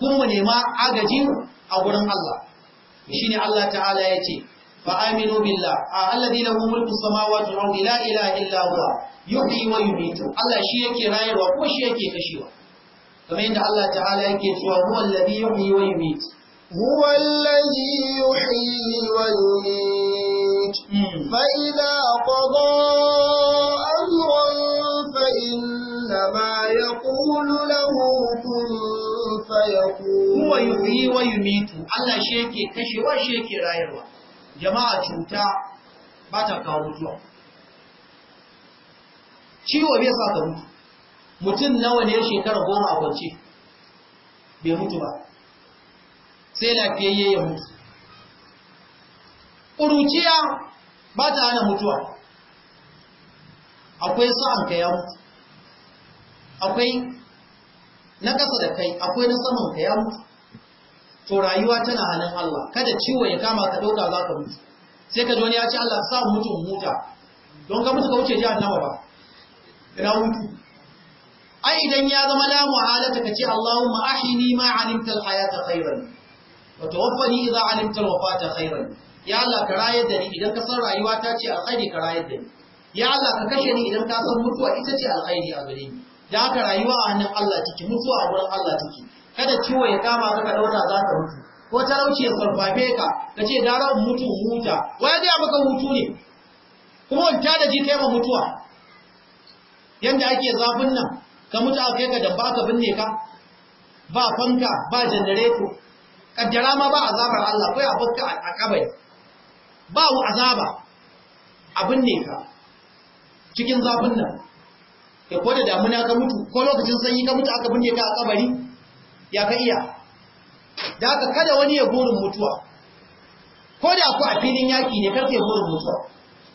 kuma mu nema agaji a wurin Allah shine Allah ta'ala ya ce fa aminu billah alladhi lahu mulku samawati wal ardi la ilaha illa huwa yuhyi wa yumiitu Allah shi yake rayarwa ko shi yake kashewa kamar yadda Allah ta'ala yake cewa huwa alladhi yuhyi wa yumiitu هو الذي يحيي ويميت فإذا قضى فإنما يقول له كن فيكون هو Allah ويميت الله شيكي كشي وشيكي رايروا جماعة cuta ba ta kawo mutuwa ciwo bai sa ka mutu mutum nawa ne shekara goma a kwance bai mutu ba sai na lafiyayye ya mutu ƙuruciya ba ta hana mutuwa akwai sa'an ka ya mutu akwai na ƙasa da kai akwai na saman ka ya mutu to rayuwa tana hannun Allah kada ciwo ya kama ka ɗauka za ka mutu sai ka wani ya ce Allah sa mutu huta, don ka mutu ka wuce jihar nawa ba ina mutu ai idan ya zama la muhalata ka ce Allahumma ahini ma alimta hayata khairan wa tawaffani idza alimta alwafata khairan ya Allah ka rayar da ni idan ka san rayuwa ta ce alkhairi ka rayar da ni ya Allah ka kashe ni idan ka san mutuwa ita ce alkhairi a gare ni da aka rayuwa a hannun Allah take mutuwa a wurin Allah take kada ciwo ya kama ka ka dauka za ka mutu ko ta rauce ya sarfafe ka ka ce 'Dara in mutu in huta wai dai maka hutu ne kuma wanta da ji yi ma mutuwa Yadda ake zafin nan ka mutu a kai ka da baka binne ka ba fanka ba janareto kaddara ma ba azabar Allah kai a fuska a kabai ba azaba abin ne ka cikin zafin nan ya ko da damuna ka mutu ko lokacin sanyi ka mutu aka binne ka a kabari ya ka iya da haka kada wani ya burin mutuwa ko da ku a filin yaki ne karka ya mutuwa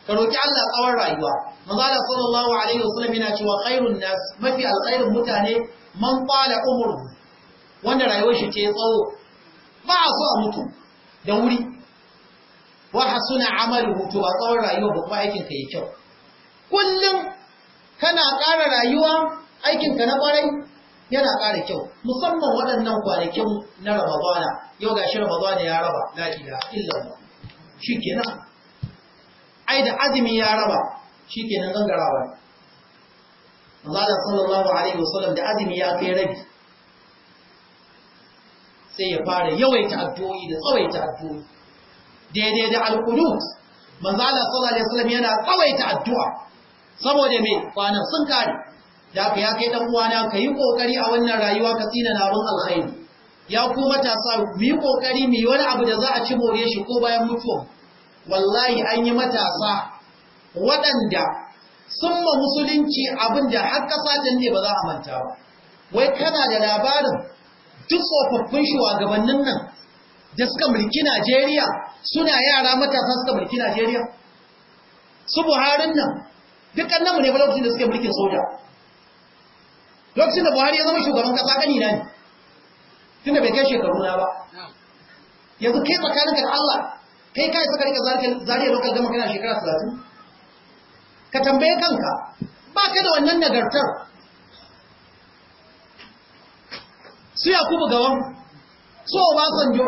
ka roki Allah tsawon rayuwa manzo sallallahu alaihi wasallam yana cewa khairun nas mafi alkhairin mutane man qala umru wanda rayuwar shi ce tsawo ba a so a mutu da wuri wa hasuna amaluhu to a tsawon rayuwa ba aikin ka yi kyau kullum kana ƙara rayuwa aikinka na ƙwarai yana ƙara kyau musamman waɗannan kwanakin na ramadana yau ga shi ramadana ya raba la ilaha illallah shikenan ai da azumi ya raba shikenan gangarawa Allah sallallahu alaihi wasallam da azumi ya kai rabi sai ya fara yawaita addu'o'i da tsawaita addu'o'i daidai da al-qunut manzo Allah sallallahu alaihi wasallam yana tsawaita addu'a saboda mai kwanan sun kare da ka ya kai ɗan uwana ka yi ƙoƙari a wannan rayuwa ka tsina na abin alkhairi ya ku matasa mu yi ƙoƙari mu yi wani abu da za a ci more shi ko bayan mutuwa wallahi an yi matasa waɗanda sun ma musulunci abin da har ƙasa ta ne ba za a manta ba wai kana da labarin duk tsofaffin shugabannin nan da suka mulki Najeriya suna yara matasa suka mulki Najeriya su Buharin nan duk namu ne ba lokacin da suke mulkin soja lokacin da buhari ya zama shugaban kasa gani na ne tunda bai kai shekaru na ba yanzu kai tsakanin da allah kai kai suka rika zariya lokal gama kana shekara talatin ka tambaye kanka ba ka da wannan nagartar su yakubu gawan su jo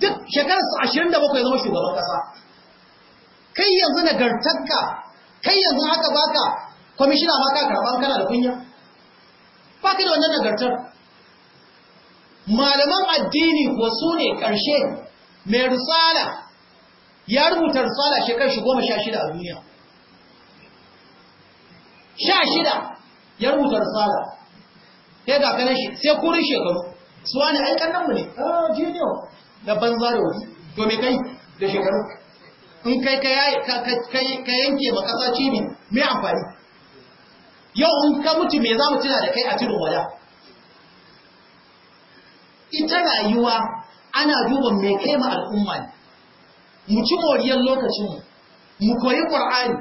duk shekarar 27 zama shugaban kasa kai yanzu nagartar ka. kai yanzu haka baka kwamishina ma ka karban kana da kunya ba ka da wannan nagartar malaman addini ko su ne ƙarshe mai risala ya rubuta risala shekar shi goma sha shida a duniya sha shida ya rubuta risala ya ga kanan shi sai kurin shekaru su wani aikan nan mu ne a ah, jiniyo da banza da wani to me kai da shekaru in kai ka yanke ba ƙasa cibi mai amfani yau in ka mutu mai za mu tuna da kai a tudun wada ita rayuwa ana duba mai kai ma al'umma ne mu ci moriyar lokacinmu mu koyi ƙwar'ani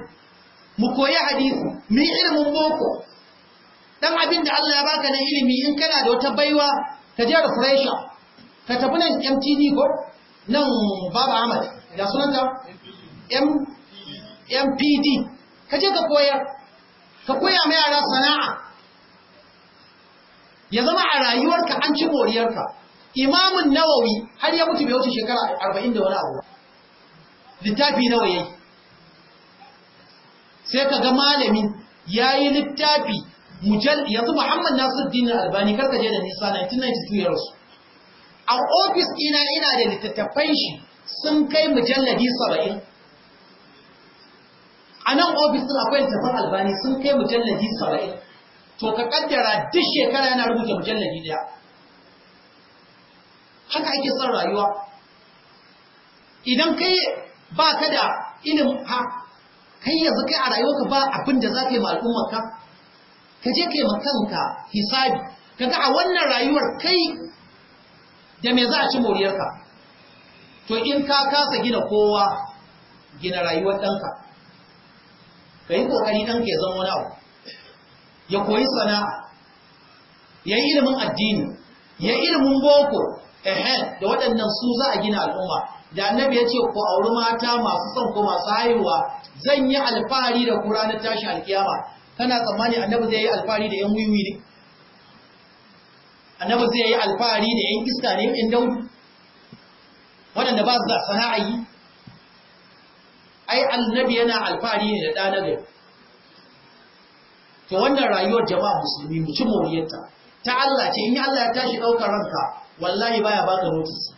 mu koyi hadisi mu yi ilimin boko dan abin da Allah ya baka na ilimi in kana da wata baiwa ka je fresha ka tafi nan MTD ko nan Baba Ahmad ya sunanta mpd ka je ka koyar ka koya ma yara sana'a ya zama a rayuwarka an ci moriyarka Imamin nawawi har ya mutu bai wuce shekara arba'in da wani abu littafi nawa yayi sai ka ga malami ya yi littafi mujal yanzu muhammad nasiruddin albani karka je da nisa 1992 ya rasu a ofis ina ina da littattafan shi sun kai mujalladi 70 a nan ofis ɗin akwai littafin albani sun kai mujalladi saba'in to ka kaddara duk shekara yana rubuta mujalladi daya haka ake son rayuwa idan kai ba ka da ilim ha kai yanzu kai a rayuwarka ba abin da za ka yi ma al'ummarka ka je ka makanka hisabi kaga a wannan rayuwar kai da me za a ci moriyarka to in ka kasa gina kowa gina rayuwar ɗanka ka yi ƙoƙari ɗan ke zama wani abu ya koyi sana'a ya yi ilimin addini ya yi ilimin boko ehen da waɗannan su za a gina al'umma da annabi ya ce ko auri mata masu son ko masu haihuwa zan yi alfahari da ku ranar tashi alkiyama kana tsammani annabi zai yi alfahari da yan wiwi ne annabi zai yi alfahari da yan iska ne yan daudu waɗanda ba su da sana'a yi ai annabi yana alfahari ne da ɗa gari to wannan rayuwar jama'a musulmi mu ci moriyarta ta Allah ce in Allah ya tashi ɗaukar ranka wallahi baya baka notice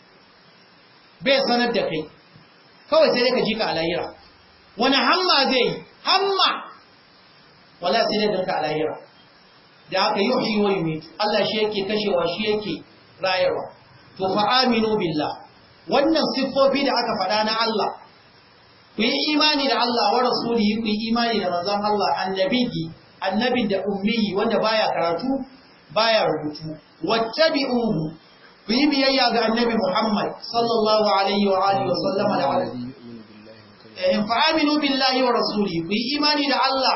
bai sanar da kai kawai sai dai ka ji ka alayira wani hamma zai yi hamma wallahi sai dai ka alayira da aka yi shi wa yumi Allah shi yake kashewa shi yake rayarwa to fa aminu billah wannan siffofi da aka faɗa na Allah ku yi imani da Allah wa rasulihi ku yi imani da manzon Allah annabiyi annabin da ummi wanda baya karatu baya rubutu wattabi'uhu ku yi biyayya ga annabi Muhammad sallallahu alaihi wa alihi wa sallama da alazi eh fa aminu billahi wa rasulihi ku yi imani da Allah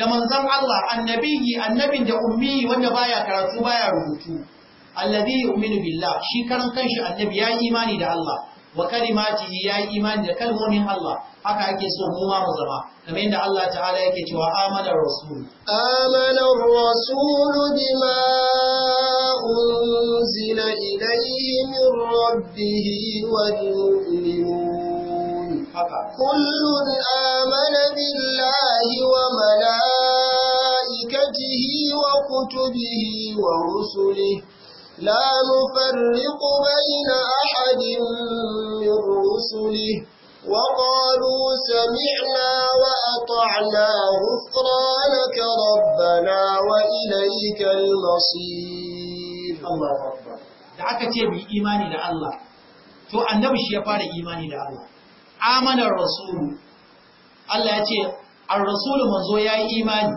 da manzon Allah annabiyi annabin da ummi wanda baya karatu baya rubutu alladhi yu'minu billah shi karan kanshi annabi ya imani da Allah wa yayi ya yi imani da kalmomin Allah haka ake so mu ma mu zama kamar yadda Allah ta'ala yake cewa amana rasul amana rasul bima unzila ilayhi min rabbih wa mu'minun haka kullun amana billahi wa malaikatihi wa kutubihi wa rusulihi لا نفرق بين أحد من رسله وقالوا سمعنا وأطعنا غفرانك ربنا وإليك المصير الله da aka ce bi imani da Allah to annabi shi ya fara imani da Allah amanar rasulu Allah ya ce ar-rasulu manzo yayi imani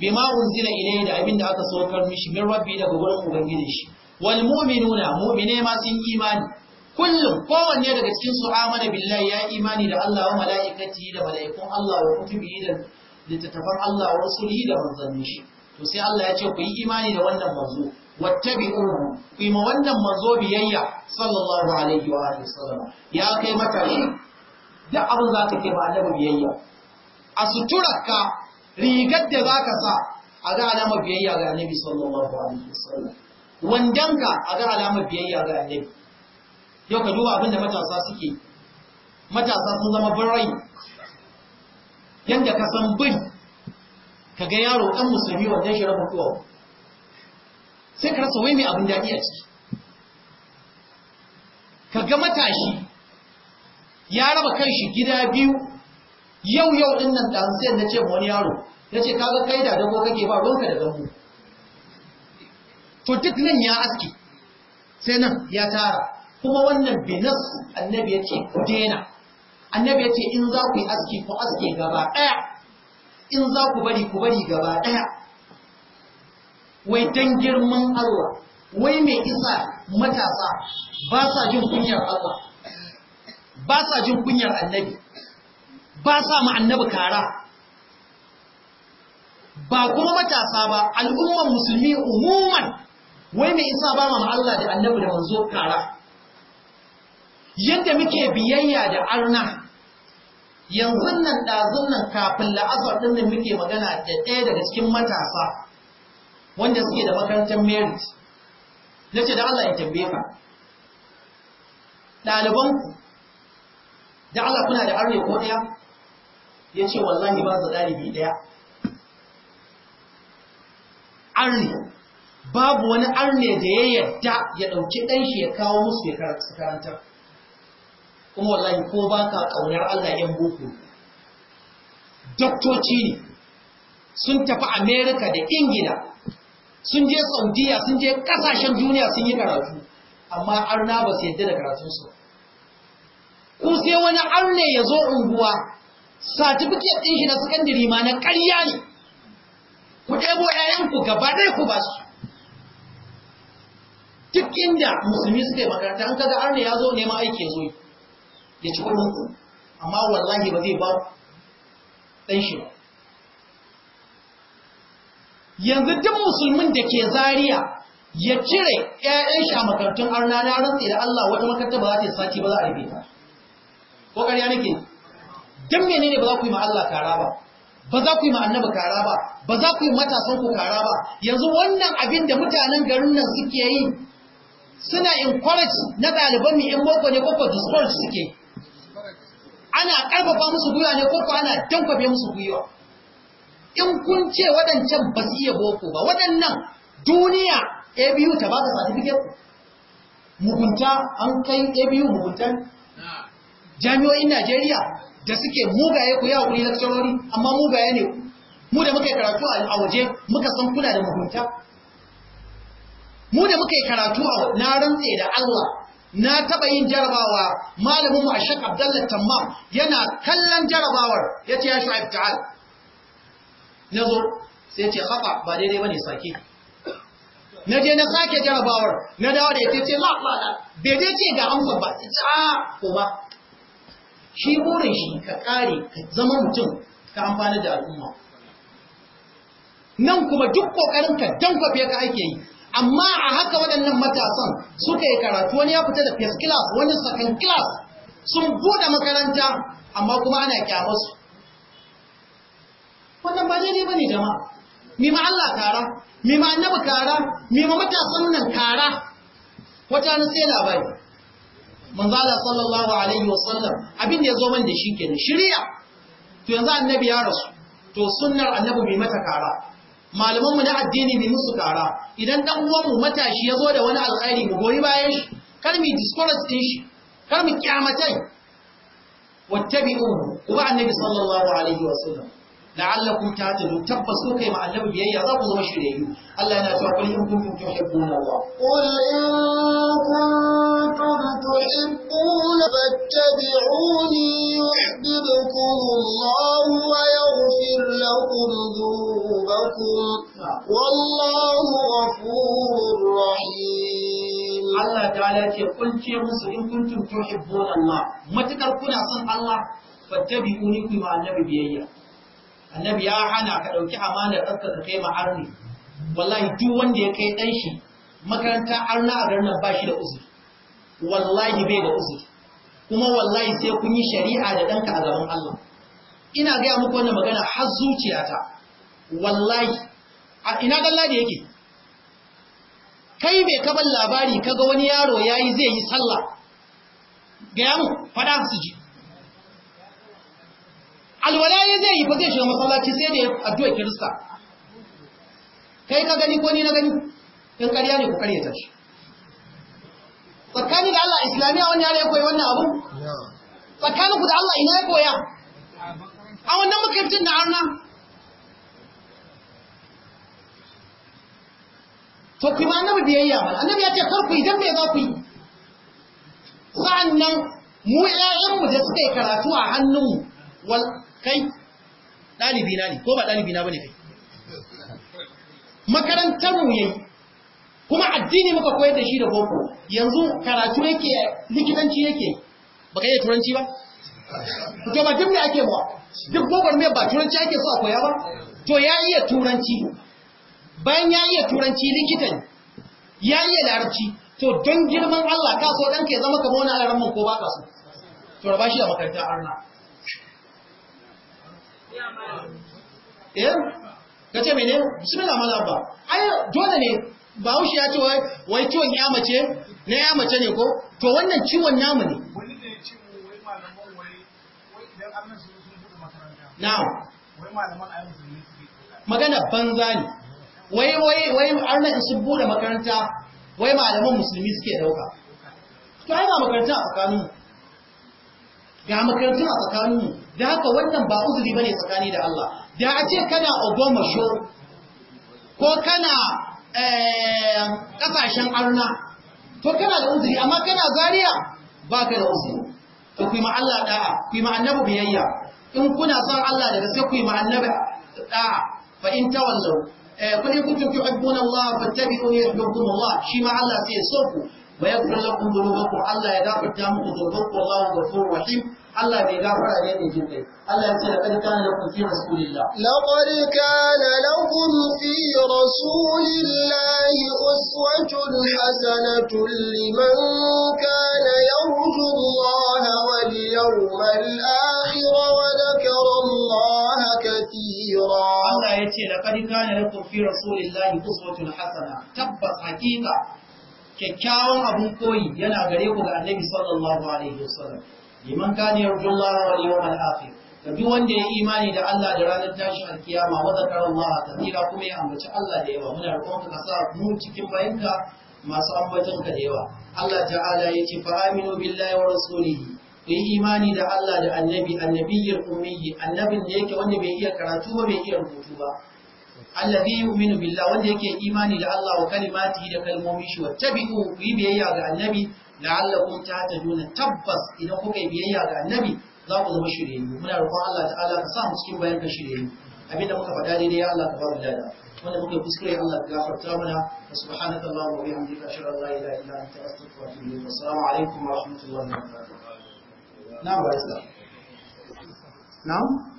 bima unzila ilayhi da abin aka saukar mishi min rabbi daga gurin ubangijin shi wal mu'minuna mu'mine ma sun imani kullum kowanne daga cikin su amana billahi ya imani da Allah wa mala'ikati da mala'ikun Allah wa kutubihi da littattafan Allah wa rusulihi da manzannin shi to sai Allah ya ce ku yi imani da wannan manzo wattabi'uhu ku yi ma wannan manzo biyayya sallallahu alaihi wa alihi wasallam ya kai mata da abin za ta kai ma annabi biyayya a suturarka rigar da za ka sa a ga alamar biyayya ga annabi sallallahu alaihi wasallam wandanka a ga alamar biyayya ga annabi yau ka duba abin da matasa suke matasa sun zama burai yadda ka san bin ka ga yaro ɗan musulmi wanda shi rabu kowa sai ka rasa wai mai abin daɗi a ciki ka ga matashi ya raba kanshi gida biyu yau yau din nan da sai na ce wani yaro na ce kaga kai da dago kake ba ruwanka da gambo to duk nan ya aski sai nan ya tara kuma wannan binas annabi ya ce ku dena annabi ya ce in za ku yi aski ku aske gaba ɗaya in za ku bari ku bari gaba ɗaya wai dan girman Allah wai mai isa matasa ba sa jin kunyar Allah ba sa jin kunyar annabi ba sa ma annabi kara ba kuma matasa ba al'ummar musulmi umuman wai mai isa ba ma Allah da annabi da manzo kara yadda muke biyayya da arna yanzu nan ɗazun nan kafin la'azar ɗin nan muke magana da ɗaya daga cikin matasa wanda suke da makarantar merit na ce da Allah ya tambaye ka ɗalibanku da Allah kuna da arne ko ɗaya ya ce wallahi ba su ɗalibi ɗaya arne babu wani arne da ya yadda ya ɗauki ɗanshi shi ya kawo musu ya karanta kuma wallahi ko ba ka ƙaunar Allah ‘yan boko doktoci ne sun tafi amerika da ingila sun je saudiya sun je ƙasashen duniya sun yi karatu amma arna ba su yadda da karatunsu ku sai wani arne ya zo unguwa certificate ɗin shi na secondary ma na ƙarya ne ku ɗebo ‘ya'yanku gaba ɗaya ku ba su duk inda musulmi suka yi makaranta an kaga arna ya zo neman aiki ya zo ya ci kuɗin ku amma wallahi ba zai ba ɗan shi ba yanzu duk musulmin da ke zariya ya cire ‘ya'yan shi a makarantun arna na rantsi da Allah wata makaranta ba za ta yi sati ba za a rufe ta ko ƙarya nake dan menene ba za ku yi ma Allah kara ba ba za ku yi ma annabi kara ba ba za ku yi matasan ku kara ba yanzu wannan abin da mutanen garin nan suke yi suna encourage na ɗaliban mu in boko ne koko discourage suke ana karfafa musu gwiwa ne koko ana dankwafe musu gwiwa in kun ce waɗancan ba su iya boko ba waɗannan duniya abu ta ba ta certificate mugunta an kai abu muguntan jami'o'in najeriya da suke mugaye ku ya wuri lakcarori amma mugaye ne mu da muka yi karatu a waje muka san kuna da mugunta mu da muka yi karatu a na rantse da Allah na taba yin jarabawa malamin mu Ashaq Abdullah Tamma yana kallon jarabawar yace ya Shu'aib ta'al nazo sai yace khata ba daidai bane saki na je na sake jarabawar na dawo da yace la la bai dace ga amsa ba ta ah, ko ba shi burin shi ka kare ka zama mutum ka amfani da al'umma nan kuma duk kokarin ka dan ka ake yi amma a haka waɗannan matasan suka yi karatu wani ya fita da first class wani second class sun bude makaranta amma kuma ana kyamarsu wannan ba daidai ne jama'a Mima Allah kara mima ma annabi kara mima ma matasan nan kara wata na sai labari manzala sallallahu alaihi wasallam abin da ya zo man da shi kenan shirya to yanzu annabi ya rasu to sunnar annabi bai mata kara malaman mu na addini bai musu kara idan dan uwan mu matashi ya zo da wani alkhairi mu goyi bayan shi kar mu discourage din shi kar mu kyamatai wattabi'uhu kuma annabi sallallahu alaihi wasallam la'allakum tahtadun tabbas ko kai ma annabi biyayya za ku zama shiryayyu Allah yana cewa qul in kuntum tuhibbuna Allah qul in kuntum tuhibbuna fattabi'uni yuhibbukum Allah wa yaghfir lakum dhunubakum wallahu ghafurur rahim Allah ta'ala ce kun ce musu in kuntum tuhibbuna Allah matakar kuna son Allah fattabi'uni ku ma annabi biyayya annabi ya hana ka ɗauki amanar ɗanka da kai ma'arni wallahi duk wanda ya kai ɗan shi makaranta arna a garin nan ba shi da uzuri wallahi bai da uzuri kuma wallahi sai kun yi shari'a da ɗanka a gaban Allah ina gaya muku wannan magana har zuciyata wallahi a ina galla da yake kai mai kaban labari kaga wani yaro yayi zai yi sallah ga mu fada su ji alwala ya zai yi fa zai shiga masallaci sai da addu'a kirista kai ka gani ko ni na gani in ƙarya ne ku ƙaryata shi tsakani da Allah islamiya wani yare ya koyi wannan abu tsakani ku da Allah ina ya koya a wannan makarantun da arna to ku ba annabi biyayya ba annabi ya ce kar ku idan me za ku yi sa'annan mu ƴaƴanmu da suka yi karatu a hannunmu kai ɗalibi na ne ko ba ɗalibi na bane kai makarantar mu yayi kuma addini muka koyar da shi da boko yanzu karatu yake likitanci yake ba iya turanci ba to ba duk me ake ba duk bokon me ba turanci ake so a koya ba to ya iya turanci bayan ya iya turanci likitan ya iya larabci to don girman Allah ka so ɗanka ya zama kamar wani alaran mun ko ba ka so to ba shi a makaranta arna eh ka ce mene bismillah maza ba ai dole ne bahaushe ya ce wai wai ciwon ya mace na ya ne ko to wannan ciwon namu ne na'am magana banza ne wai wai wai arna sun makaranta wai malaman musulmi suke dauka to ai ba makaranta a tsakaninmu ga a tsakaninmu da haka wannan ba uzuri bane tsakani da Allah da a ce kana ogomasho ko kana kasashen eh, arna to kana da uzuri amma kana zariya ba ka da uzuri to ku yi ma Allah da'a ku yi ma annabi biyayya in kuna son Allah da sai ku yi ma annabi da'a fa in tawallu eh, kun kuntum tuhibbuna Allah fattabi'uni yuhibbukum Allah shi ma Allah sai ya so ku ويغفر لكم ذنوبكم الله يغفر لكم ذنوبكم والله غفور رحيم الله بيغفر عليه جدا الله يقول لقد كان لكم في رسول الله لقد كان لكم في رسول الله أسوة حسنة لمن كان يرجو الله واليوم الآخر وذكر الله كثيرا الله يقول لقد كان لكم في رسول الله أسوة حسنة تبس حقيقة kyakkyawan abun koyi yana gare ku ga annabi sallallahu alaihi wasallam liman kana yarjullaha wal yawmal akhir ga duk wanda ya imani da Allah da ranar tashi alkiyama wa zakara Allah kathira kuma ya ambaci Allah da yawa muna roƙon ka sa mu cikin bayinka masu ambacin ka da yawa Allah ta'ala yace fa aminu billahi wa rasulihi ku yi imani da Allah da annabi annabiyyar ummiyi annabin da yake wanda bai iya karatu ba bai iya rubutu ba allazi yu'minu billah wanda yake imani da Allah wa kalimatihi da kalmomin shi wattabi'u yi biyayya ga annabi la'allakum tahtaduna tabbas idan kuka yi biyayya ga annabi za ku zama shiryayyu muna roƙon Allah ta'ala ka sa mu cikin bayan ka shiryayyu abinda muka faɗa daidai ya Allah ka ba mu dada wanda muka kuskure Allah ka gafarta mana wa subhanaka allahumma wa bihamdika ashhadu an la ilaha illa anta astaghfiruka wa atubu ilayk assalamu alaikum wa rahmatullahi wa barakatuh na'am wa islam na'am